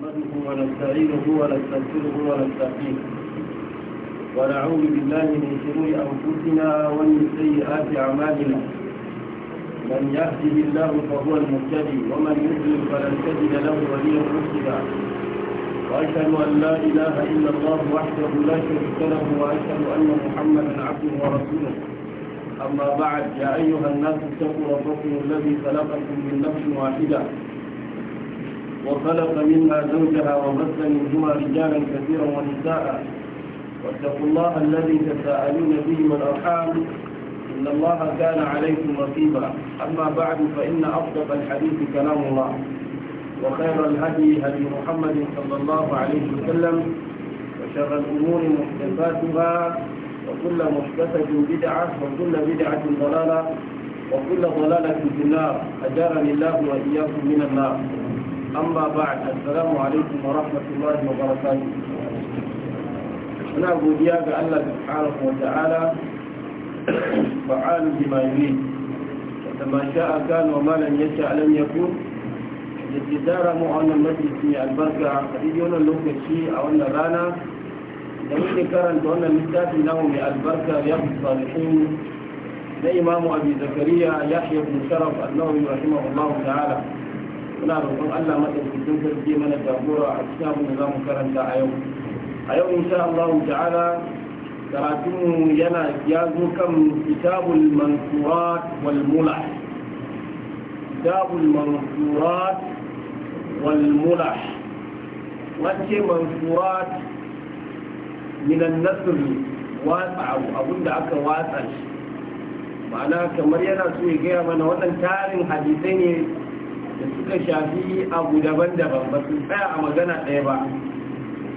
نحمده ونستعينه ونستغفره ونستهديه ونعوذ بالله من شرور أنفسنا ومن سيئات أعمالنا من يهده الله فهو المهتدي ومن يضلل فلن تجد له وليا مرشدا وأشهد أن لا إله إلا الله وحده لا شريك له وأشهد أن محمدا عبده ورسوله أما بعد يا أيها الناس اتقوا ربكم الذي خلقكم من نفس واحدة وخلق منها زوجها وبث منهما رجالا كثيرا ونساء واتقوا الله الذي تساءلون به والارحام ان الله كان عليكم رقيبا اما بعد فان اصدق الحديث كلام الله وخير الهدي هدي محمد صلى الله عليه وسلم وشر الامور محدثاتها وكل محدثه بدعه وكل بدعه ضلاله وكل ضلاله في النار اجارني الله واياكم من النار amma ba assalamu alaikum wa rahmatullahi wa barakatuh muna godiya ga Allah subhanahu wa ta'ala fa'alu bima yuri da ma sha'a kana wa malam yasha alam yakun da ke dara mu a wannan majalisi mai albarka a daidai wannan lokaci a wannan rana da muke karanta wannan littafi namu mai albarka ya fi salihin na imamu zakariya ta'ala muna roƙon Allah madaukakin sarki mana jagora a cikin da zamu karanta a yau a yau insha Allah ta'ala karatunmu yana ya zo kan kitabul mansurat wal mulah kitabul mansurat wal mulah wacce mansurat minan nasr watsa abinda aka watsa ma'ana kamar yana so ya gaya mana wannan tarin hadisai ne da suka shafi abu daban-daban ba su tsaya a magana ɗaya ba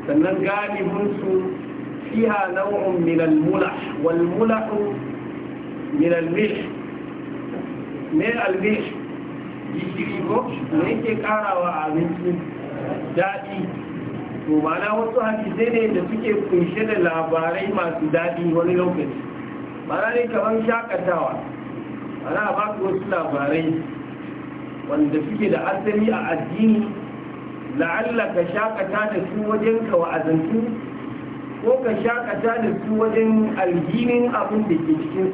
sannan galibinsu fiha nau'un min mula wal mula min al-milh me al-milh gishiri ko ne yake karawa abinci daɗi to ma'ana wasu hadisai ne da suke kunshe da labarai masu daɗi wani lokaci ma'ana ne kamar shakatawa ana ba wasu labarai wanda suke da asali a addini la'alla ka shakata da su wajen wa'azantu ko ka shakata da su wajen alhinin abin da ke cikin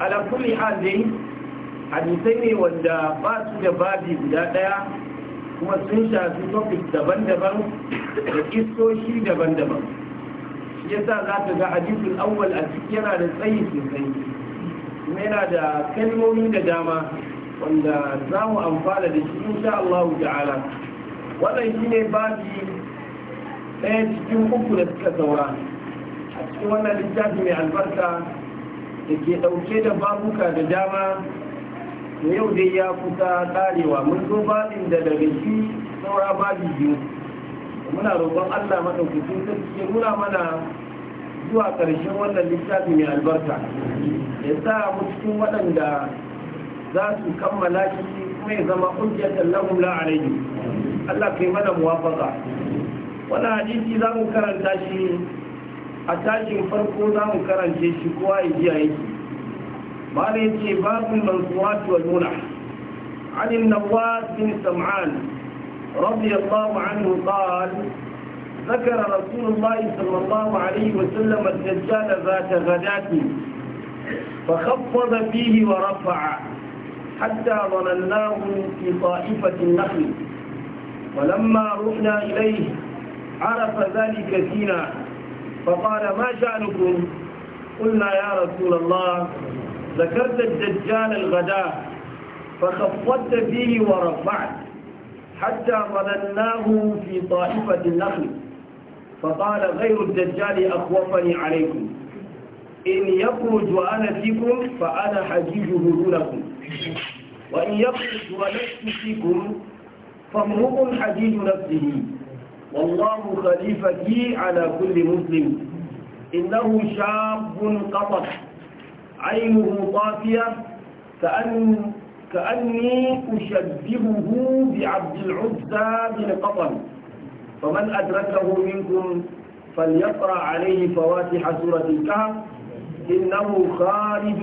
ala kulli hadisai ne wanda ba su da babi guda daya kuma sun shafi topic daban-daban da kistoshi daban-daban shi yasa za ta ga hadisul awwal a ciki yana da tsayi sosai kuma yana da kalmomi da dama wanda za mu amfana da shi insha Allah ta'ala wannan shine babi ɗaya cikin uku da suka saura a cikin wannan littafi mai albarka da ke ɗauke da babuka da dama to yau dai ya kusa karewa mun zo babin da daga shi saura babi biyu muna roƙon Allah maɗaukacin sarki ya nuna mana zuwa ƙarshen wannan littafi mai albarka ya sa mu cikin waɗanda za su kammala shi kuma ya zama hujjatan lahum la Allah kai mana muwafaka Wani hadisi za mu karanta shi a tashin farko za mu karance shi kowa ya ji yake bala yace babul mansuwat wal munah عن النواس بن سمعان رضي الله عنه قال ذكر رسول الله صلى الله عليه وسلم الدجال ذات غداة فخفض فيه ورفع حتى ظنناه في طائفة النخل ولما رحنا إليه عرف ذلك فينا فقال ما شأنكم قلنا يا رسول الله ذكرت الدجال الغداء فخفضت فيه ورفعت حتى ظنناه في طائفة النخل فقال غير الدجال أخوفني عليكم إن يخرج وأنا فيكم فأنا حجيجه دونكم وإن يخرج ونفسكم فامرؤ حديد نفسه والله خليفتي على كل مسلم إنه شاب قطر عينه طافية كأن كأني أشبهه بعبد العزى بن قطر فمن أدركه منكم فليقرأ عليه فواتح سورة الكهف إنه خارج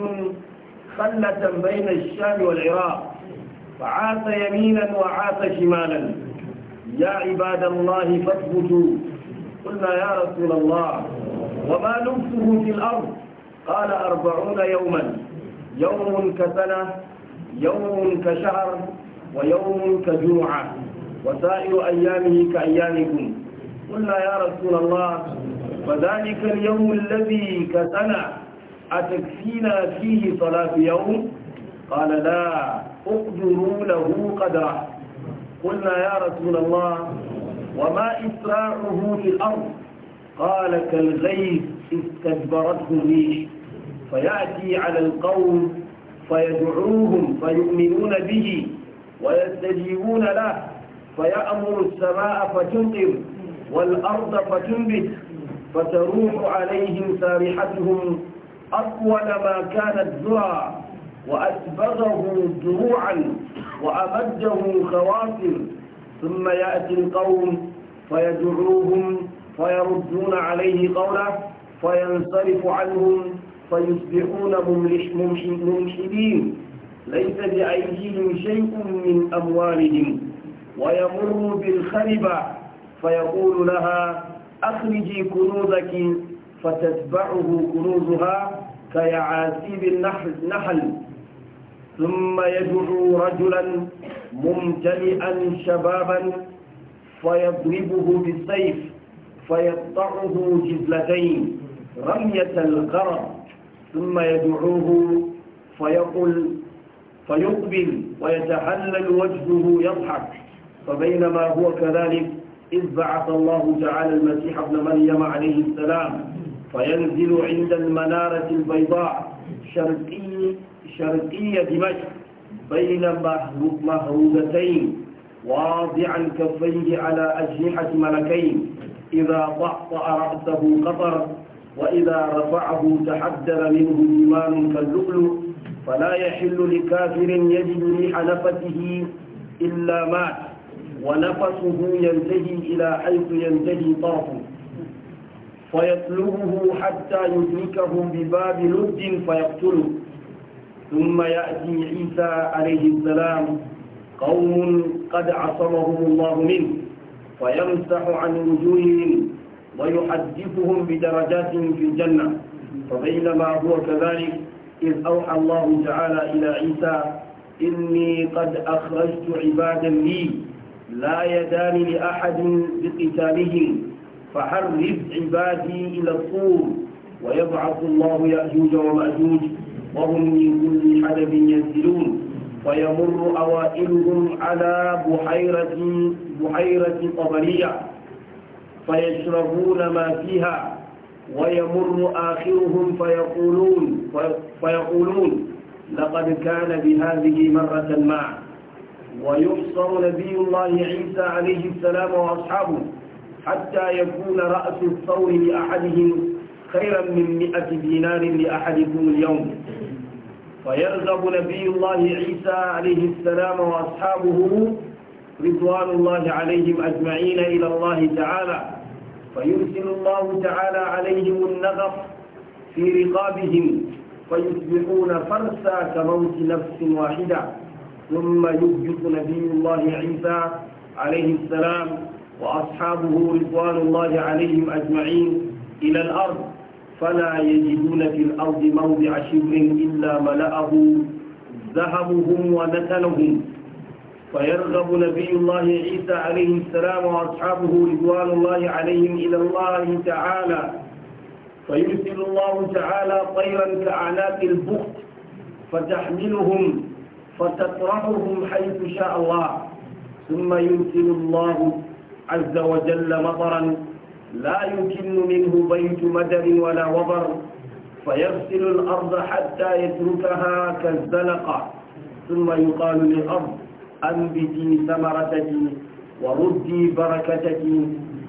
خلة بين الشام والعراق فعاص يمينا وعاص شمالا يا عباد الله فاثبتوا قلنا يا رسول الله وما لبثه في الأرض قال أربعون يوما يوم كسنة يوم كشهر ويوم كجمعة وسائر أيامه كأيامكم قلنا يا رسول الله فذلك اليوم الذي كسنه أتكفينا فيه صلاة يوم قال لا اقدروا له قدره قلنا يا رسول الله وما إسراعه في الأرض قال كالغيث استدبرته ريش فيأتي على القوم فيدعوهم فيؤمنون به ويستجيبون له فيأمر السماء فتمطر والأرض فتنبت فتروح عليهم سارحتهم أطول ما كانت ذرا وأسبغه دروعا وأمده خواتر ثم يأتي القوم فيدعوهم فيردون عليه قوله فينصرف عنهم فيصبحون ممحدين ليس بأيديهم شيء من أموالهم ويمر بالخربة فيقول لها أخرجي كنوزك فتتبعه كنوزها كيعاسيب النحل ثم يدعو رجلا ممتلئا شبابا فيضربه بالسيف فيقطعه جزلتين رمية الغرب ثم يدعوه فيقول فيقبل ويتحلل وجهه يضحك فبينما هو كذلك إذ بعث الله تعالى المسيح ابن مريم عليه السلام فينزل عند المنارة البيضاء شرقي شرقي دمشق بين مهروبتين واضعا كفيه على أجنحة ملكين إذا طأطأ رأسه قطر وإذا رفعه تحدر منه إيمان كاللؤلؤ فلا يحل لكافر يجد ريح نفسه إلا مات ونفسه ينتهي إلى حيث ينتهي طرفه فيطلبه حتى يدركه بباب لد فيقتله ثم يأتي عيسى عليه السلام قوم قد عصمهم الله منه فيمسح عن وجوههم ويحدثهم بدرجاتهم في الجنة فبينما هو كذلك إذ أوحى الله تعالى إلى عيسى إني قد أخرجت عبادا لي لا يدان لأحد بقتالهم فحرز عبادي إلى الطور ويبعث الله يأجوج ومأجوج وهم من كل حدب ينزلون فيمر أوائلهم على بحيرة, بحيرة طبرية فيشربون ما فيها ويمر آخرهم فيقولون, فيقولون لقد كان بهذه مرة ما ويحصر نبي الله عيسى عليه السلام وأصحابه حتى يكون رأس الثور لأحدهم خيرا من مئة دينار لأحدكم اليوم فيرغب نبي الله عيسى عليه السلام وأصحابه رضوان الله عليهم أجمعين إلى الله تعالى فيرسل الله تعالى عليهم النغف في رقابهم فيصبحون فرسا كموت نفس واحدة ثم يهبط نبي الله عيسى عليه السلام وأصحابه رضوان الله عليهم أجمعين إلى الأرض فلا يجدون في الأرض موضع شبر إلا ملأه ذهبهم ونتنهم فيرغب نبي الله عيسى عليه السلام وأصحابه رضوان الله عليهم إلى الله تعالى فيرسل الله تعالى طيرا كأعناق البخت فتحملهم فتطرحهم حيث شاء الله ثم يرسل الله عز وجل مطرا لا يكن منه بيت مدر ولا وبر فيغسل الأرض حتى يتركها كالزلقة ثم يقال للأرض أنبتي ثمرتك وردي بركتك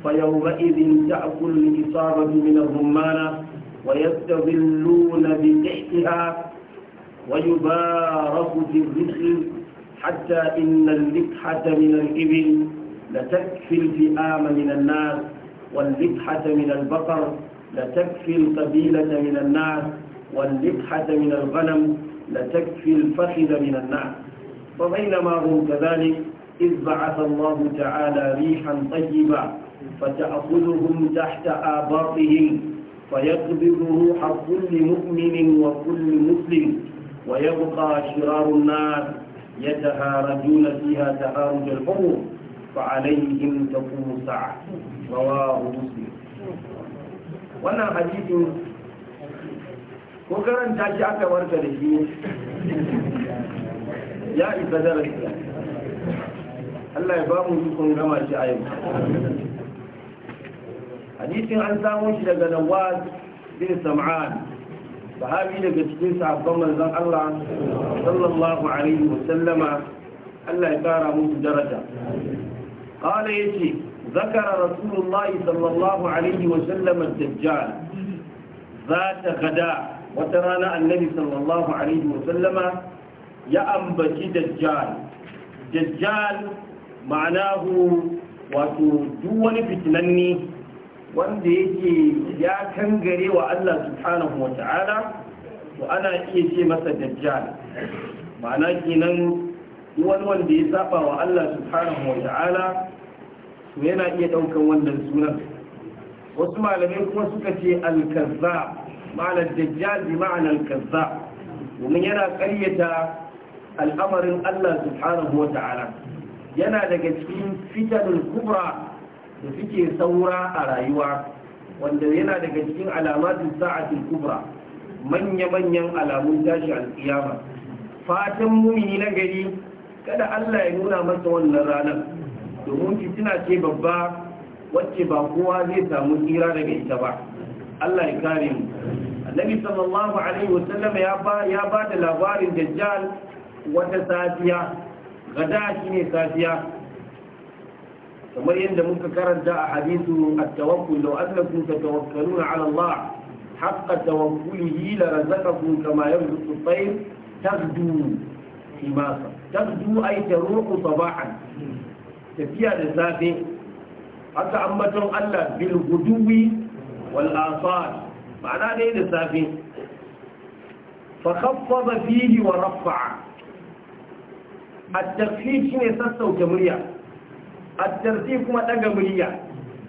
فيومئذ تأكل الإصابة من الرمانة ويستظلون بتحتها ويبارك في الرزق حتى إن اللكحة من الإبل لتكفي الفئام من الناس والذبحة من البقر لتكفي القبيلة من الناس والذبحة من الغنم لتكفي الفخذ من الناس فبينما هم كذلك إذ بعث الله تعالى ريحا طيبة فتأخذهم تحت آباطهم فيقبض روح كل مؤمن وكل مسلم ويبقى شرار الناس يتهارجون فيها تهارج الحروب فعليهم تقوم الساعة رواه مسلم wannan hadisin ko karanta shi aka warka da shi ya isa darasi Allah ya ba mu dukkan gama shi a yau hadisin an samu shi daga nawaz bin sam'an sahabi daga cikin sahabban manzon Allah sallallahu alaihi wa sallama Allah ya kara musu daraja قال يتي ذكر رسول الله صلى الله عليه وسلم الدجال ذات غداء وترانا النبي صلى الله عليه وسلم يأنبت دجال دجال معناه وتدون فتنني wanda yake ya kangare wa Allah subhanahu wa ta'ala to ana iya ce masa dajjal ma'ana kenan wani wanda ya saba wa Allah subhanahu wa ta'ala to yana iya daukan wannan sunan wasu malamai kuma suka ce al-kazzab ma'ana dajjal bi ma'ana al domin yana ƙaryata al'amarin Allah subhanahu wa ta'ala yana daga cikin fitanul kubra da suke saura a rayuwa wanda yana daga cikin alamatin sa'atul kubra manya-manyan alamun tashi alƙiyama fatan mumini na gari kada Allah ya nuna masa wannan ranar domin fitina ce babba wacce ba kowa zai samu tsira daga ita ba Allah ya kare mu annabi sallallahu alaihi wasallam ya ba ya ba da labarin dajjal wata safiya gada shine safiya kamar yadda muka karanta a hadisu at-tawakkul law annakum tatawakkaluna ala Allah haqqa tawakkulihi la razaqakum kama yarzuqu at-tayr taghdu timasa tafdu ay taruhu sabahan tafiya da safe haka ambaton Allah bil guduwi wal asar ma'ana dai da safe fa khaffada fihi wa rafa'a at-takhfif shine sassauta murya a tartib kuma daga murya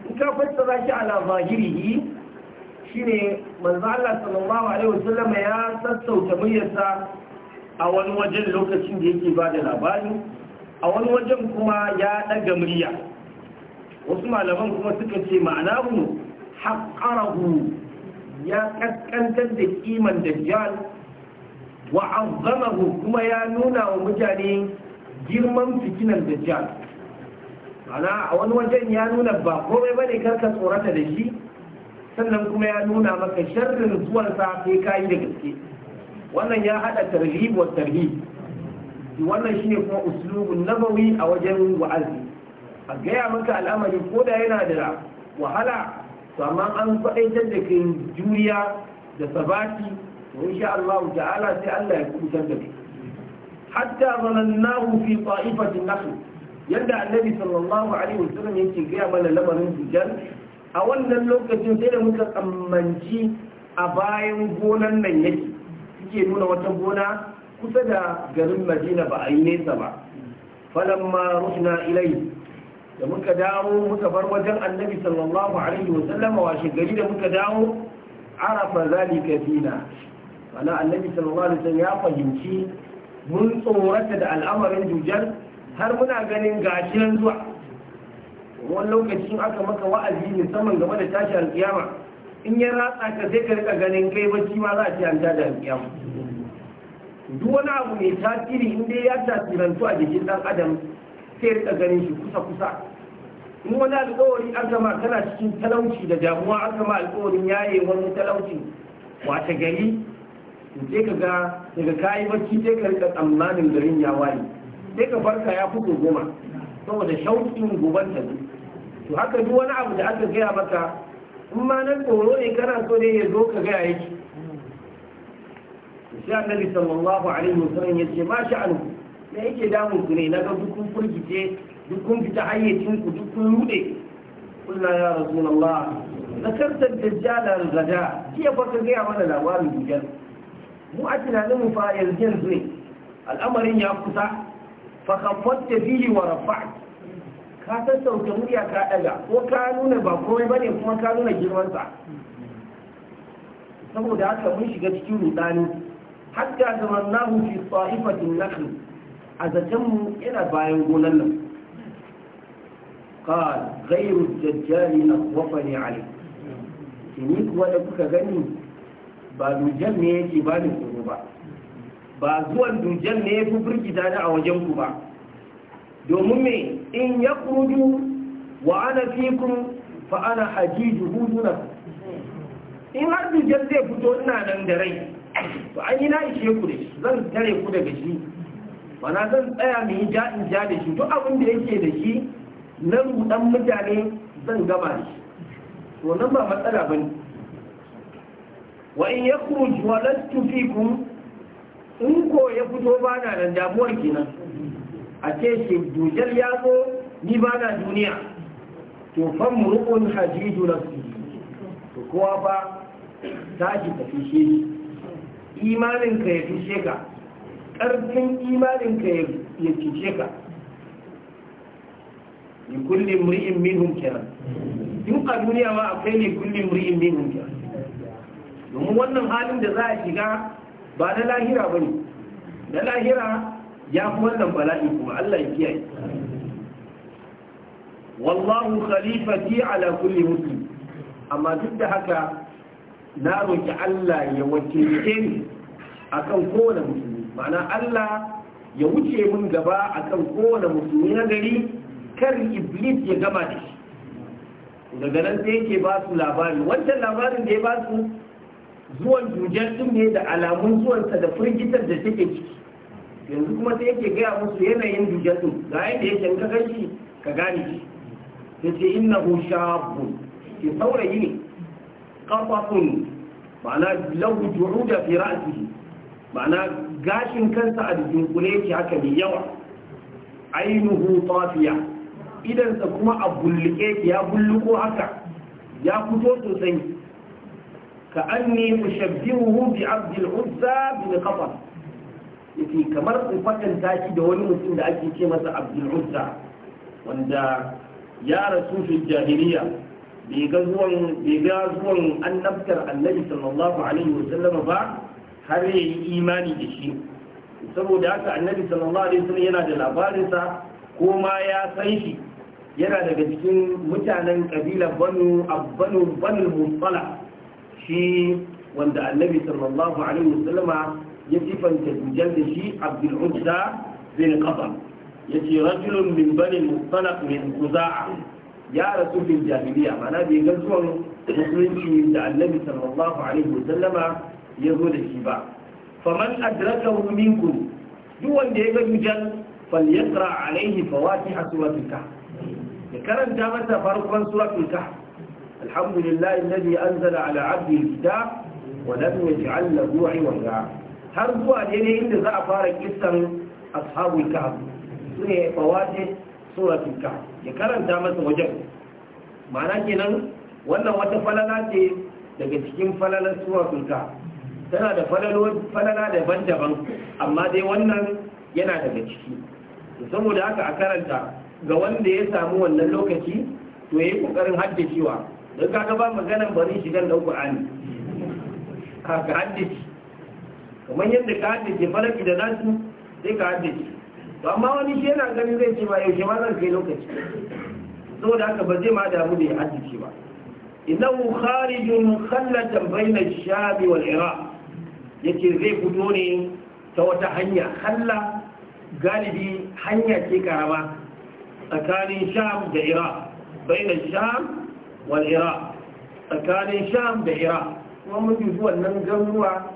in ka fassara shi ala zahirihi shine manzo Allah sallallahu alaihi wasallam ya sassauta muryarsa a wani wajen lokacin da yake ba da labari a wani wajen kuma ya ɗaga murya wasu malaman kuma suka ce ma'ana mu haƙarahu ya ƙasƙantar da ƙiman dajjal wa kuma ya nuna wa mutane girman fitinan dajjal ana a wani wajen ya nuna ba komai bane karka tsorata da shi sannan kuma ya nuna maka sharrin zuwarsa sai kayi da gaske wannan ya hada tarhib wa tarhib wannan shine kuma uslubun nabawi a wajen wa'azi a gaya maka al'amari ko da yana da wahala to amma an faɗaitar da kai juriya da sabati to insha Allah ta'ala sai Allah ya kubutar da kai hatta zanannahu fi ta'ifatin nakhl yadda annabi sallallahu alaihi wasallam yake gaya mana lamarin dujal a wannan lokacin sai da muka tsammanci a bayan gonan nan yake suke nuna wata gona kusa da garin madina ba a yi nesa ba falamma na ilai da muka dawo muka bar wajen annabi sallallahu alaihi wa sallama washe gari da muka dawo arafa zalika fina ana annabi sallallahu alaihi ya fahimci mun tsorata da al'amarin dujal har muna ganin gashi zuwa zuwa wani lokacin aka maka wa'azi musamman game da tashi alkiyama in ya ratsa ka sai ka rika ganin kai bacci ma za a ce an da alƙiyama duk wani abu ne tasiri in dai ya tasirantu a jikin dan adam sai rika ganin shi kusa kusa in wani alƙawari an gama kana cikin talauci da damuwa an gama alƙawarin yaye wani talauci wata gari sai ka ga daga kayi bacci sai ka rika tsammanin garin ya waye sai ka farka ya fito goma saboda shauƙin goban ta to haka duk wani abu da aka gaya maka kuma na tsoro ne kana so ne ya zo ka gaya yake sai annabi sallallahu alaihi wasallam ya ce ma sha'anu me yake damun ku ne na ga duk kun furgice duk kun fita hayyacin ku duk kun rude kullu ya rasulullah zakarta dajjala rada jiya fa ka gaya mana labarin dujjal mu a tunanin mu fa yanzu ne al'amarin ya kusa fa khafatta fihi wa rafa'ta ka sassauta murya ka daga ko ka nuna ba komai ne kuma ka nuna girmansa saboda haka mun shiga cikin rudani hatta zamannahu fi sa'ifatin nakhl a zaton mu yana bayan gonan nan قال غير الدجال أخوفني yi kuwa da kuka gani ba dujan ne yake ba ni tsoro ba ba zuwan dujan ne ya fi burgida ni a wajen ku ba domin me in ya kuruju wa ana fikun fa ana hajiju huduna in har dujjar zai fito ina nan da rai to an yi na ishe ku da shi zan tare ku daga shi mana zan tsaya mai ja in ja da shi duk abin da yake da shi na rudan mutane zan gama da shi to nan ba matsala ba ne wa in ya kuruju wa lantufi fikum in ko ya fito ba na nan damuwar kenan a ce shi dujar ya zo ni ba na duniya to fan murukun hajiju nafsi to kowa ba ta ki tafi shi imanin imaninka ya fi ka ƙarfin imaninka ya fi ka ni kulli muri'in minhum kenan duk a duniya ma akwai ne kulli muri'in minhum kenan domin wannan halin da za a shiga ba na lahira ba ne na lahira ya fi wannan bala'i kuma Allah ya kiyaye wallahu khalifati ala kulli muslim amma duk da haka na roki Allah ya wakilce ni akan kowane musulmi ma'ana Allah ya wuce mun gaba akan kowane musulmi na gari kar iblis ya gama da shi daga nan sai yake ba su labari wancan labarin da ya ba su zuwan jujjar din ne da alamun zuwansa da firgitar da take ciki yanzu kuma sai yake gaya musu yanayin dujatu ga yadda yake ka gashi ka gane shi ya ce inna hu shabu ke saurayi ne kafafun ma'ana da firasi ma'ana gashin kansa a jikin kule yake haka mai yawa ainihu tafiya idansa kuma a bulluke ya bulluko haka ya fito sosai ka anni ushabbihu bi abdul uzza bin qafas yake kamar in kwatanta shi da wani mutum da ake ce masa abdul wanda ya rasu fi jahiliya bai ga zuwan bai ga zuwan annabtar annabi sallallahu alaihi wa wasallam ba har ya yi imani da shi saboda haka annabi sallallahu alaihi wa sallam yana da labarinsa ko ma ya san shi yana daga cikin mutanen kabilar banu abbanu banu mutsala shi wanda annabi sallallahu alaihi wa sallama. ya sifanta da shi abdul uzza bin ya yace rajulun min bani mustalaq min khuzaa ya rasu bil jahiliya mana bai ga musulunci da annabi sallallahu alaihi wa sallama ya zo da shi ba faman adrakahu minkum duk wanda ya ga dujal falyaqra alaihi a suratul kahf ya karanta masa farkon suratul kahf alhamdulillahi alladhi anzala ala abdi alkitab wa lam yaj'al lahu har zuwa daidai inda za a fara kisan ashabul kahf su ne suratul kahf ya karanta masa wajen Mana kenan wannan wata falala ce daga cikin falalar suratul kahf tana da falala daban-daban amma dai wannan yana daga ciki saboda haka a karanta ga wanda ya samu wannan lokaci to yayi kokarin haddacewa don kaga ba maganan bari shigan da Qur'ani haka haddace kamar yadda ka haddace falaki da nasu sai ka haddace to amma wani shi yana ganin zai ce ba yaushe shi zan kai lokaci da haka ba zai ma damu da ya haddace ba ina kharijun khallatan bayna ash-sham wal iraq zai fito ne ta wata hanya halla galibi hanya ce karama tsakanin sham da ira bayna sham wal ira tsakanin sham da ira kuma mun ji wannan garuruwa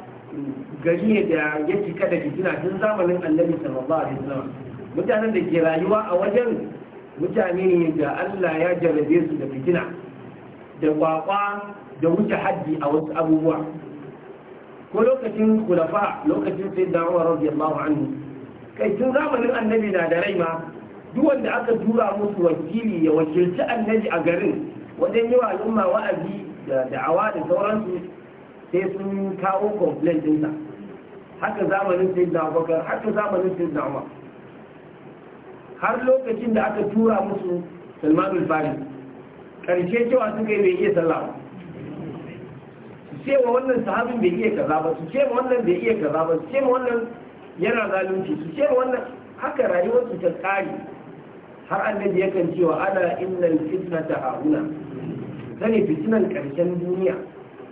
gari da ya cika da fitina tun zamanin annabi sallallahu alaihi wasallam mutanen da ke rayuwa a wajen mutane da Allah ya jarrabe su da fitina da kwakwa da wuce haddi a wasu abubuwa ko lokacin kulafa lokacin sai da Umar radiyallahu anhu kai tun zamanin annabi na da rai ma duk wanda aka tura musu wakili ya wakilci annabi a garin wajen yi wa al'umma wa'azi da da'awa da sauransu sai sun kawo complaint ɗinsa haka zamanin sai da abubakar haka zamanin sai da umar har lokacin da aka tura musu al fari karshe cewa suka yi bai iya sallah ce wa wannan sahabin bai iya kaza ba su ce wa wannan bai iya kaza ba su ce wa wannan yana zalunci su ce wa wannan haka rayuwar su ta tsari har annabi yakan cewa ana innal fitnata hauna sani fitnan karshen duniya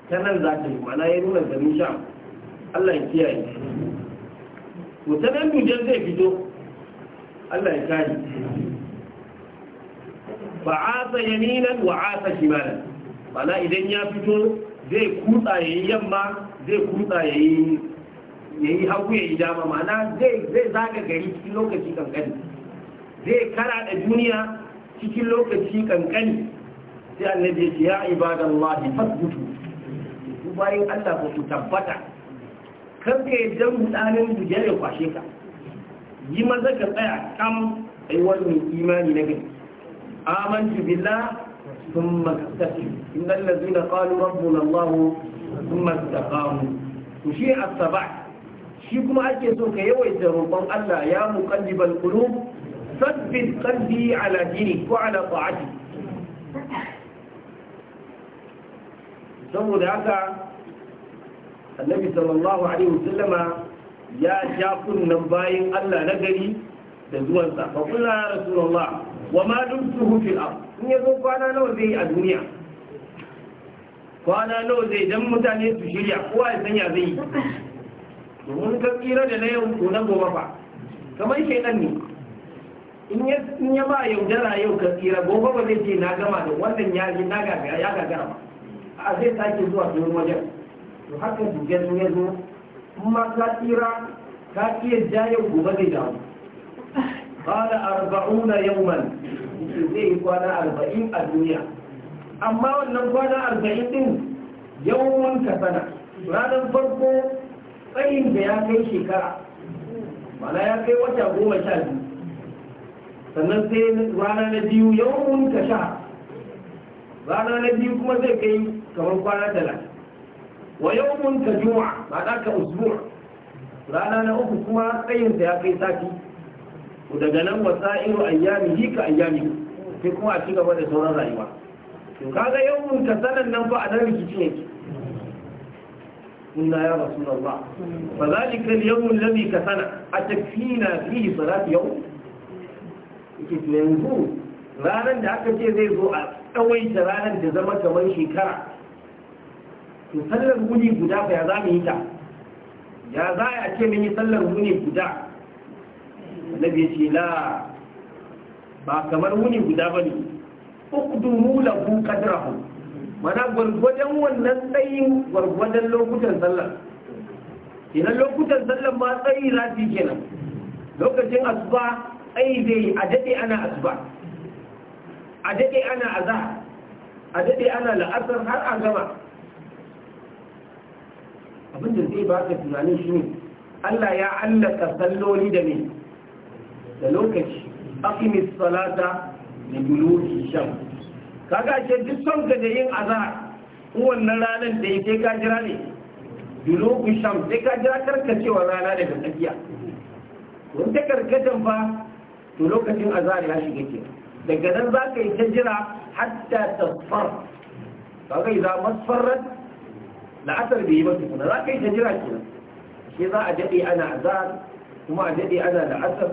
ta nan za ta yi mana ya nuna garin sha. Allah ya kiyaye to ta nan dujan zai fito Allah ya kare fa asa yaminan wa asa shimalan mana idan ya fito zai kutsa yi yamma zai kutsa yayi yayi hagu yi dama mana zai zai zaga gari cikin lokaci kankani zai kara da duniya cikin lokaci kankani sai annabi ya ce ya ibadallahi fasbutu bayan Allah ko su tabbata kan ka yi yadda mutanen su ya kwashe ka yi maza ka tsaya kam aiwar mai imani na gani aman su billa sun mastafi inda lalazi na kwalu na Allah sun mastafamu ku shi asaba shi kuma ake so ka yawai da roƙon Allah ya muƙalli balkulu sabbin kalbi ala dini ko ala ta'ati saboda haka annabi sallallahu alaihi wasallama ya ja kunnan bayin Allah na gari da zuwan sa fa kullu ya rasulullah wa ma dumtuhu fil ard in yazo kwana nawa zai a duniya kwana nawa zai dan mutane su shirya kowa ya sanya zai yi domin ka tsira da na yau to na gobe fa kamar nan ne in ya ba yaudara yau ka tsira gobe ba zai ce na gama da wannan ya na gagara ya gagara ba a zai sake zuwa cikin wajen to haka duke sun ya zo ma ka tsira ka iya jayen gobe da jamu ba da arba'una su zai yi kwana arba'in a duniya amma wannan kwana arba'in din yawon ka sana ranar farko tsayin da ya kai shekara mana ya kai wata goma sha biyu sannan sai rana na biyu yawon ka sha rana na biyu kuma zai kai kamar kwana talatin wa mun ta juma'a ba za ka usbu' rana na uku kuma tsayinsa ya kai sati daga nan wa sa'iru ayyamihi ka ayyami. sai kuma a ci gaba da sauran rayuwa to kaga yawmun ka sanan nan ba a nan rikici yake قلنا يا رسول الله فذلك اليوم الذي كسنا أتكفينا فيه صلاة يوم يجب yanzu ranar da aka ce zai zo a tsawaita ranar da zama kamar shekara to sallar wuni guda ba ya za mu yi ta ya za a ce mun yi sallar wuni guda annabi ya ce la ba kamar wuni guda ba ne uqdumu lahu qadrahu mana gwargwadon wannan tsayin gwargwadon lokutan sallar idan lokutan sallar ma tsayi za su kenan lokacin asuba tsayi zai yi a daɗe ana asuba a daɗe ana azahar a daɗe ana la'asar har a gama abin da zai baka tunanin shi ne Allah ya allaka salloli da ne da lokaci akimis salata da duluki sham kaga ce duk son ka da yin azar wannan ranar da yake ka jira ne duluki sham sai ka jira cewa rana daga tsakiya ta karkatan fa to lokacin azar ya shiga ke daga nan za ka yi ta jira hatta tasfar kaga idan masfarat la'asar bai yi ba tukuna za ka yi ta jira kenan shi za a daɗe ana azar kuma a daɗe ana la'asar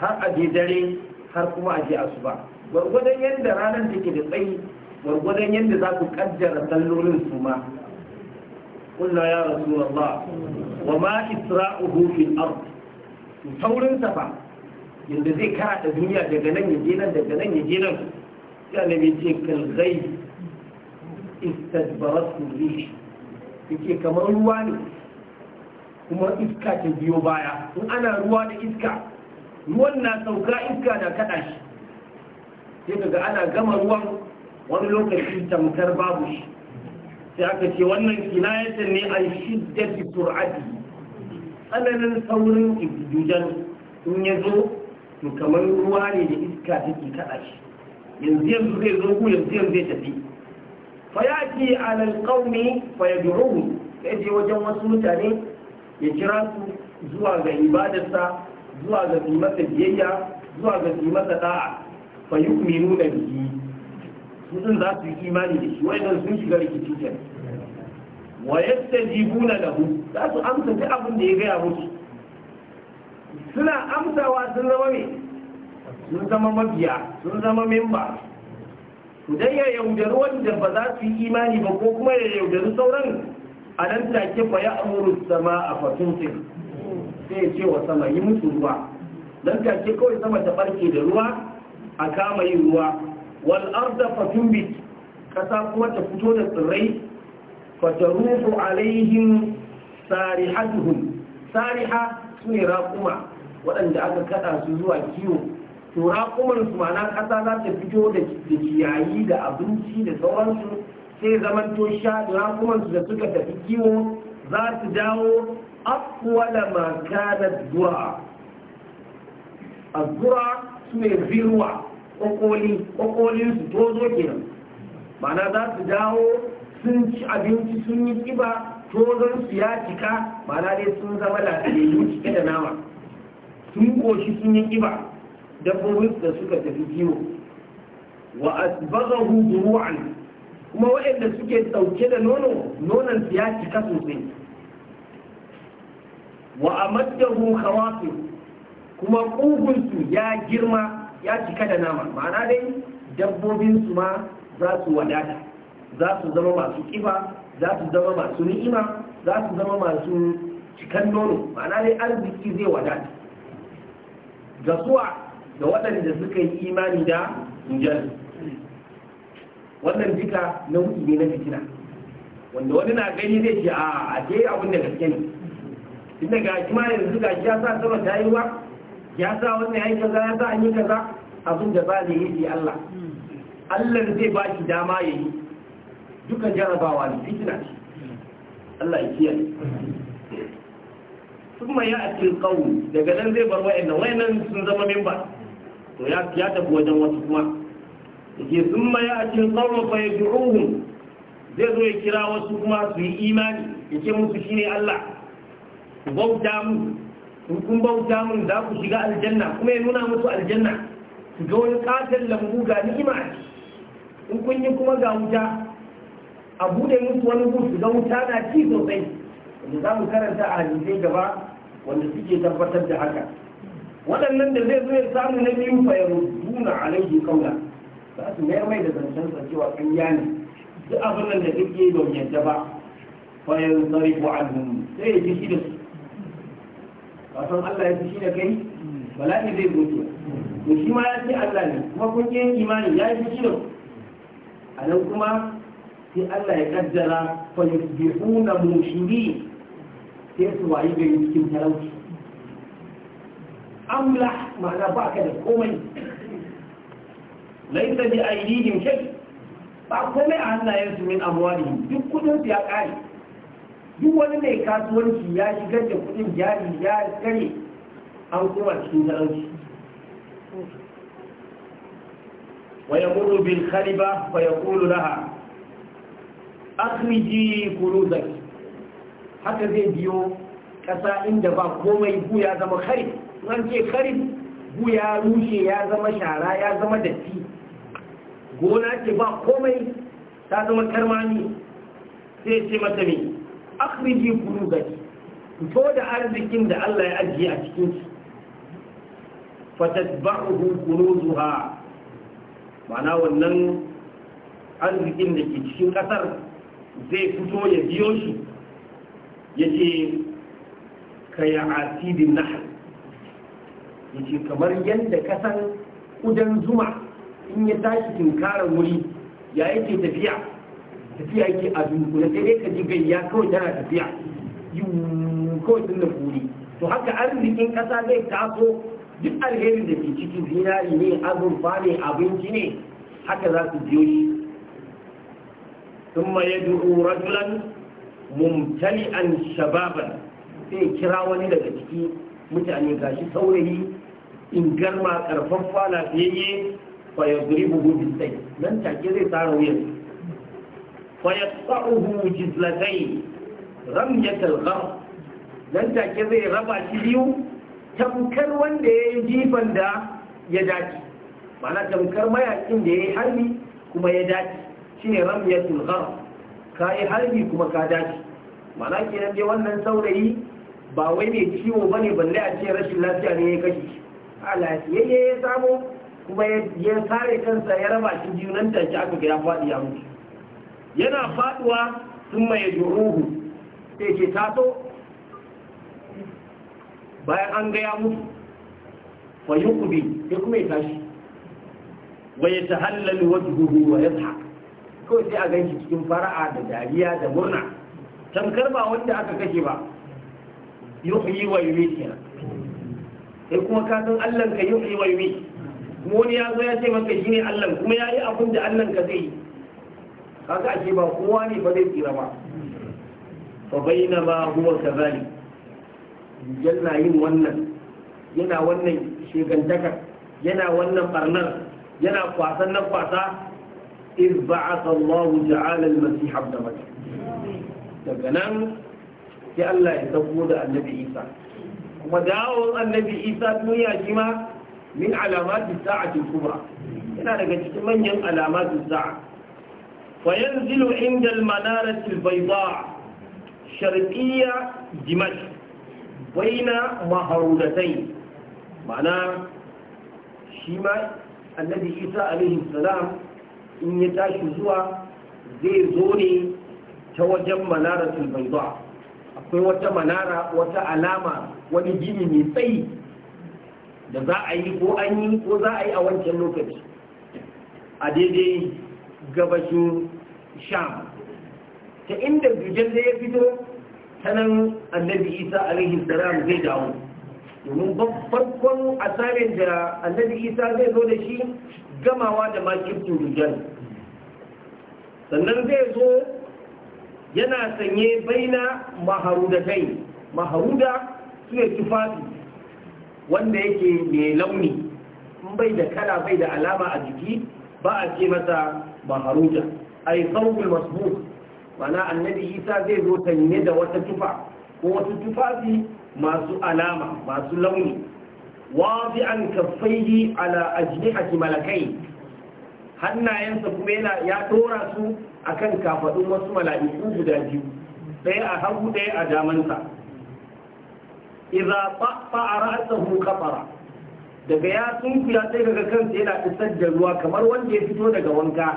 har a je dare har kuma a je asuba gwargwadon yadda ranar take da tsayi gwargwadon yadda za ku kaddara sallolin su ma kullu ya rasulullah wa ma isra'uhu fil ard taurin safa yanda zai karata duniya daga nan ya je nan daga nan ya je nan sai annabi ce kal ghaib istadbarat rih yake kamar ruwa ne kuma iska ta biyo baya in ana ruwa da iska ruwan na sauka iska na kaɗa shi sai daga ana gama ruwan wani lokaci tamkar babu shi sai aka ce wannan ya kinayatar ne shidda fitur adi tsananin saurin ibdujan in ya zo kamar ruwa ne da iska take kaɗa shi yanzu yanzu zai zo ku yanzu yanzu zai tafi fayati alal qaumi fayad'uhum sai je wajen wasu mutane ya kira su zuwa ga ibadarsa zuwa ga masa biyayya zuwa ga masa da'a fa yu'minu da bihi su din za su yi imani da shi wannan sun shiga rikici kenan wa yastajibuna lahu za su amsa duk abin da ya gaya musu suna amsawa sun zama me sun zama mabiya sun zama member dai ya yaudari wanda ba za su yi imani ba ko kuma ya yaudari sauran a nan take fa ya amuru sama a fatun sai ya ce wa sama yi musu ruwa nan take kawai sama ta barke da ruwa a kama yin ruwa wal arda fatun bit kasa kuma ta fito da tsirrai fatarufu alaihim sarihatuhum sariha sune raƙuma waɗanda aka kada su zuwa kiwo to kuma su ma'ana ƙasa za ta fito da ciyayi da abinci da sauransu sai zamanto sha kuma su da suka tafi kiwo za su dawo akwala da zuwa a zuwa su ne zirwa kokolin su tozo kenan ma'ana za su dawo sun ci abinci sun yi ƙiba tozon su ya cika mana dai sun zama lafiyayyu cike da nama sun koshi sun yi ƙiba dabbobin da suka tafi kiwo wa asbaghahu duru'an kuma waɗanda suke ɗauke da nono nonon ya cika sosai wa amaddahu khawafi kuma su ya girma ya cika da nama ma'ana dai dabbobin su ma za su wadata za su zama masu ƙiba za su zama masu ni'ima za su zama masu cikan nono ma'ana dai arziki zai wadata gasuwa da waɗanda suka yi imani da injal wannan duka nau'i ne na fitina wanda wani na gani zai ce a a ce abin da gaske ne tunda ga shi ma yanzu ga ya sa sama ta yi wa ya sa wannan ya yi kaza ya sa an yi kaza abin da ba zai yi Allah Allah zai ba shi dama ya yi dukan jarabawa ne fitina ce Allah ya kiyaye kuma ya ake kawo daga nan zai bar wa'annan nan sun zama memba to ya tafi wajen wasu kuma yake sun ma a cikin tsawon faye ruhun zai zo ya kira wasu kuma su yi imani yake musu shi ne Allah ku bauta mun in kun bauta mun za ku shiga aljanna kuma ya nuna musu aljanna su ga wani katon lambu ga ni'ima in kun yi kuma ga wuta a bude musu wani gusu ga wuta na ci sosai wanda za mu karanta a hadisai gaba wanda suke tabbatar da haka waɗannan da zai zo ya samu na biyu fa ya a alaihi kauna za su mayar mai da zancen sa cewa ƙarya ne duk abin nan da duk yi don yadda ba fa ya zari ko alhun sai ya ji da su kasan Allah ya ji da kai bala'i zai zo ke to shi ma ya ce Allah ne kuma kun yi imani ya yi shi da su a nan kuma sai Allah ya kaddara fa yusbihuna mushiri sai su wayi gari cikin talauci amla ma'ana ba ka da komai laisa bi aidihim kai ba komai a hannayen su min amwali duk kudin su ya kare duk wani mai kasuwanci ya shigar da kudin jari ya kare an kuma cikin jaranci wa yaqulu bil khaliba wa yaqulu laha akhriji kunuzaki haka zai biyo kasa inda ba komai ku ya zama kharib nan ce karif gu ya rushe ya zama shara ya zama datti gona ce ba komai ta zama karmami sai ce mata ne akhriji gari fito da arzikin da Allah ya ajiye a cikin shi fatatba'uhu kunuzuha mana wannan arzikin da ke cikin kasar zai fito ya biyo shi yace kaya asidin nahar yake kamar yadda kasan ƙudan zuma in ya tashi tinkarar wuri ya yake tafiya tafiya yake a dunkule sai dai ka ji ya kawai tana tafiya yiwu kawai tun da kuri to haka arzikin kasa zai taso duk alheri da ke cikin zinari ne azurfa ne abinci ne haka za su biyo shi ثم يدعو رجلا ممتلئا شبابا sai kira wani daga ciki mutane gashi saurayi in garma karfaffa lafiyayye fa ya zuri bugu bisai nan take zai tsara wuyan fa ya tsa'uhu jizlatai ramyatal ghar nan take zai raba shi biyu tamkar wanda ya yi jifan da ya dace mana tamkar mayakin da ya yi harbi kuma ya dace shi ne ya ghar ka yi harbi kuma ka dace mana kenan dai wannan saurayi ba wai ne ciwo bane balle a ce rashin lafiya ne ya kashe shi a lafiyayye ya samu kuma ya sare kansa ya raba shi biyu nan take aka ya faɗi ya mutu yana faɗuwa sun mai juruhu sai ke taso bayan an ga ya mutu wa yukubi sai kuma ya tashi wa ya wa kawai sai a ganshi cikin fara'a da dariya da murna tamkar ba wanda aka kashe ba yi wa wa yi sai kuma ka san Allah ka yi wa yi wani ya zo ya ce maka ne Allah kuma ya yi abin da Allah ka zai yi kaga ashe ba kowa ne ba zai tsira ba fa bainama huwa kadhalik yana yin wannan yana wannan shegantaka yana wannan barnar yana kwasan na kwasa iz ba'atha Allah ta'ala al-masih ibn daga nan sai Allah ya sako da annabi Isa kuma annabi isa duniya shi ma min alamatin sa'ati kubra yana daga cikin manyan alamatin sa'a fa yanzilu inda al-manarati al-bayda sharqiyya dimash baina maharudatayn ma'ana shi ma annabi isa alaihi salam in ya tashi zuwa zai zo ne ta wajen manaratul bayda akwai wata manara wata alama wani jini mai tsayi da za a yi ko an yi ko za a yi a wancan lokaci a daidai gabashin sham ta inda dujjal da ya fito ta nan annabi isa alaihi salam zai dawo domin farkon asarin da annabi isa zai zo da shi gamawa da makirtun dujjal sannan zai zo yana sanye baina maharudatai maharuda shi tufafi wanda yake mai launi in bai da kala bai da alama a jiki ba a ce masa maharuja ai saubul masu mana annabi isa zai zo ne da wata tufa ko wasu tufafi masu alama masu launi wazi an kaffaihi ala a malakai hannayensa kuma yana ya dora su akan kafadun wasu mala'iku guda biyu ɗaya a hagu ɗaya a damansa idza fa'a ra'sahu kafara daga ya sunkuya sai daga kansa yana isar da ruwa kamar wanda ya fito daga wanka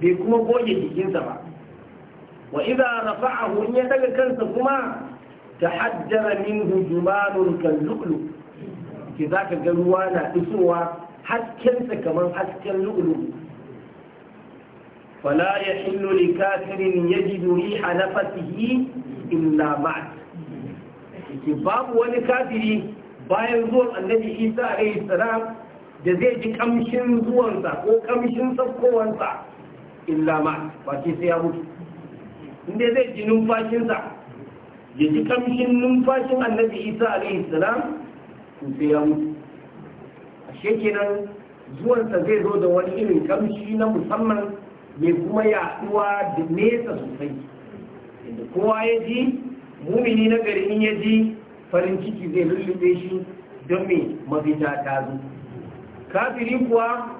bai kuma goge jikinsa ba wa idza rafa'ahu in ya daga kansa kuma tahajjara min jumalun kallu'lu ki zaka ga ruwa na isowa haskensa kamar hasken lu'lu fala yahillu likafirin yajidu riha nafasihi illa ma'a yake babu wani kafiri bayan zuwan annabi isa alaihi salam da zai ji kamshin zuwansa ko kamshin saukowansa illa ma ba ce sai ya mutu inda zai ji numfashinsa ya ji kamshin numfashin annabi isa alaihi salam to sai ya mutu ashe shekinan zuwansa zai zo da wani irin kamshi na musamman mai kuma yaduwa da nesa sosai inda kowa ya ji mumini na gari in ya ji farin ciki zai lullube shi don mai mafita ta zo kafiri kuwa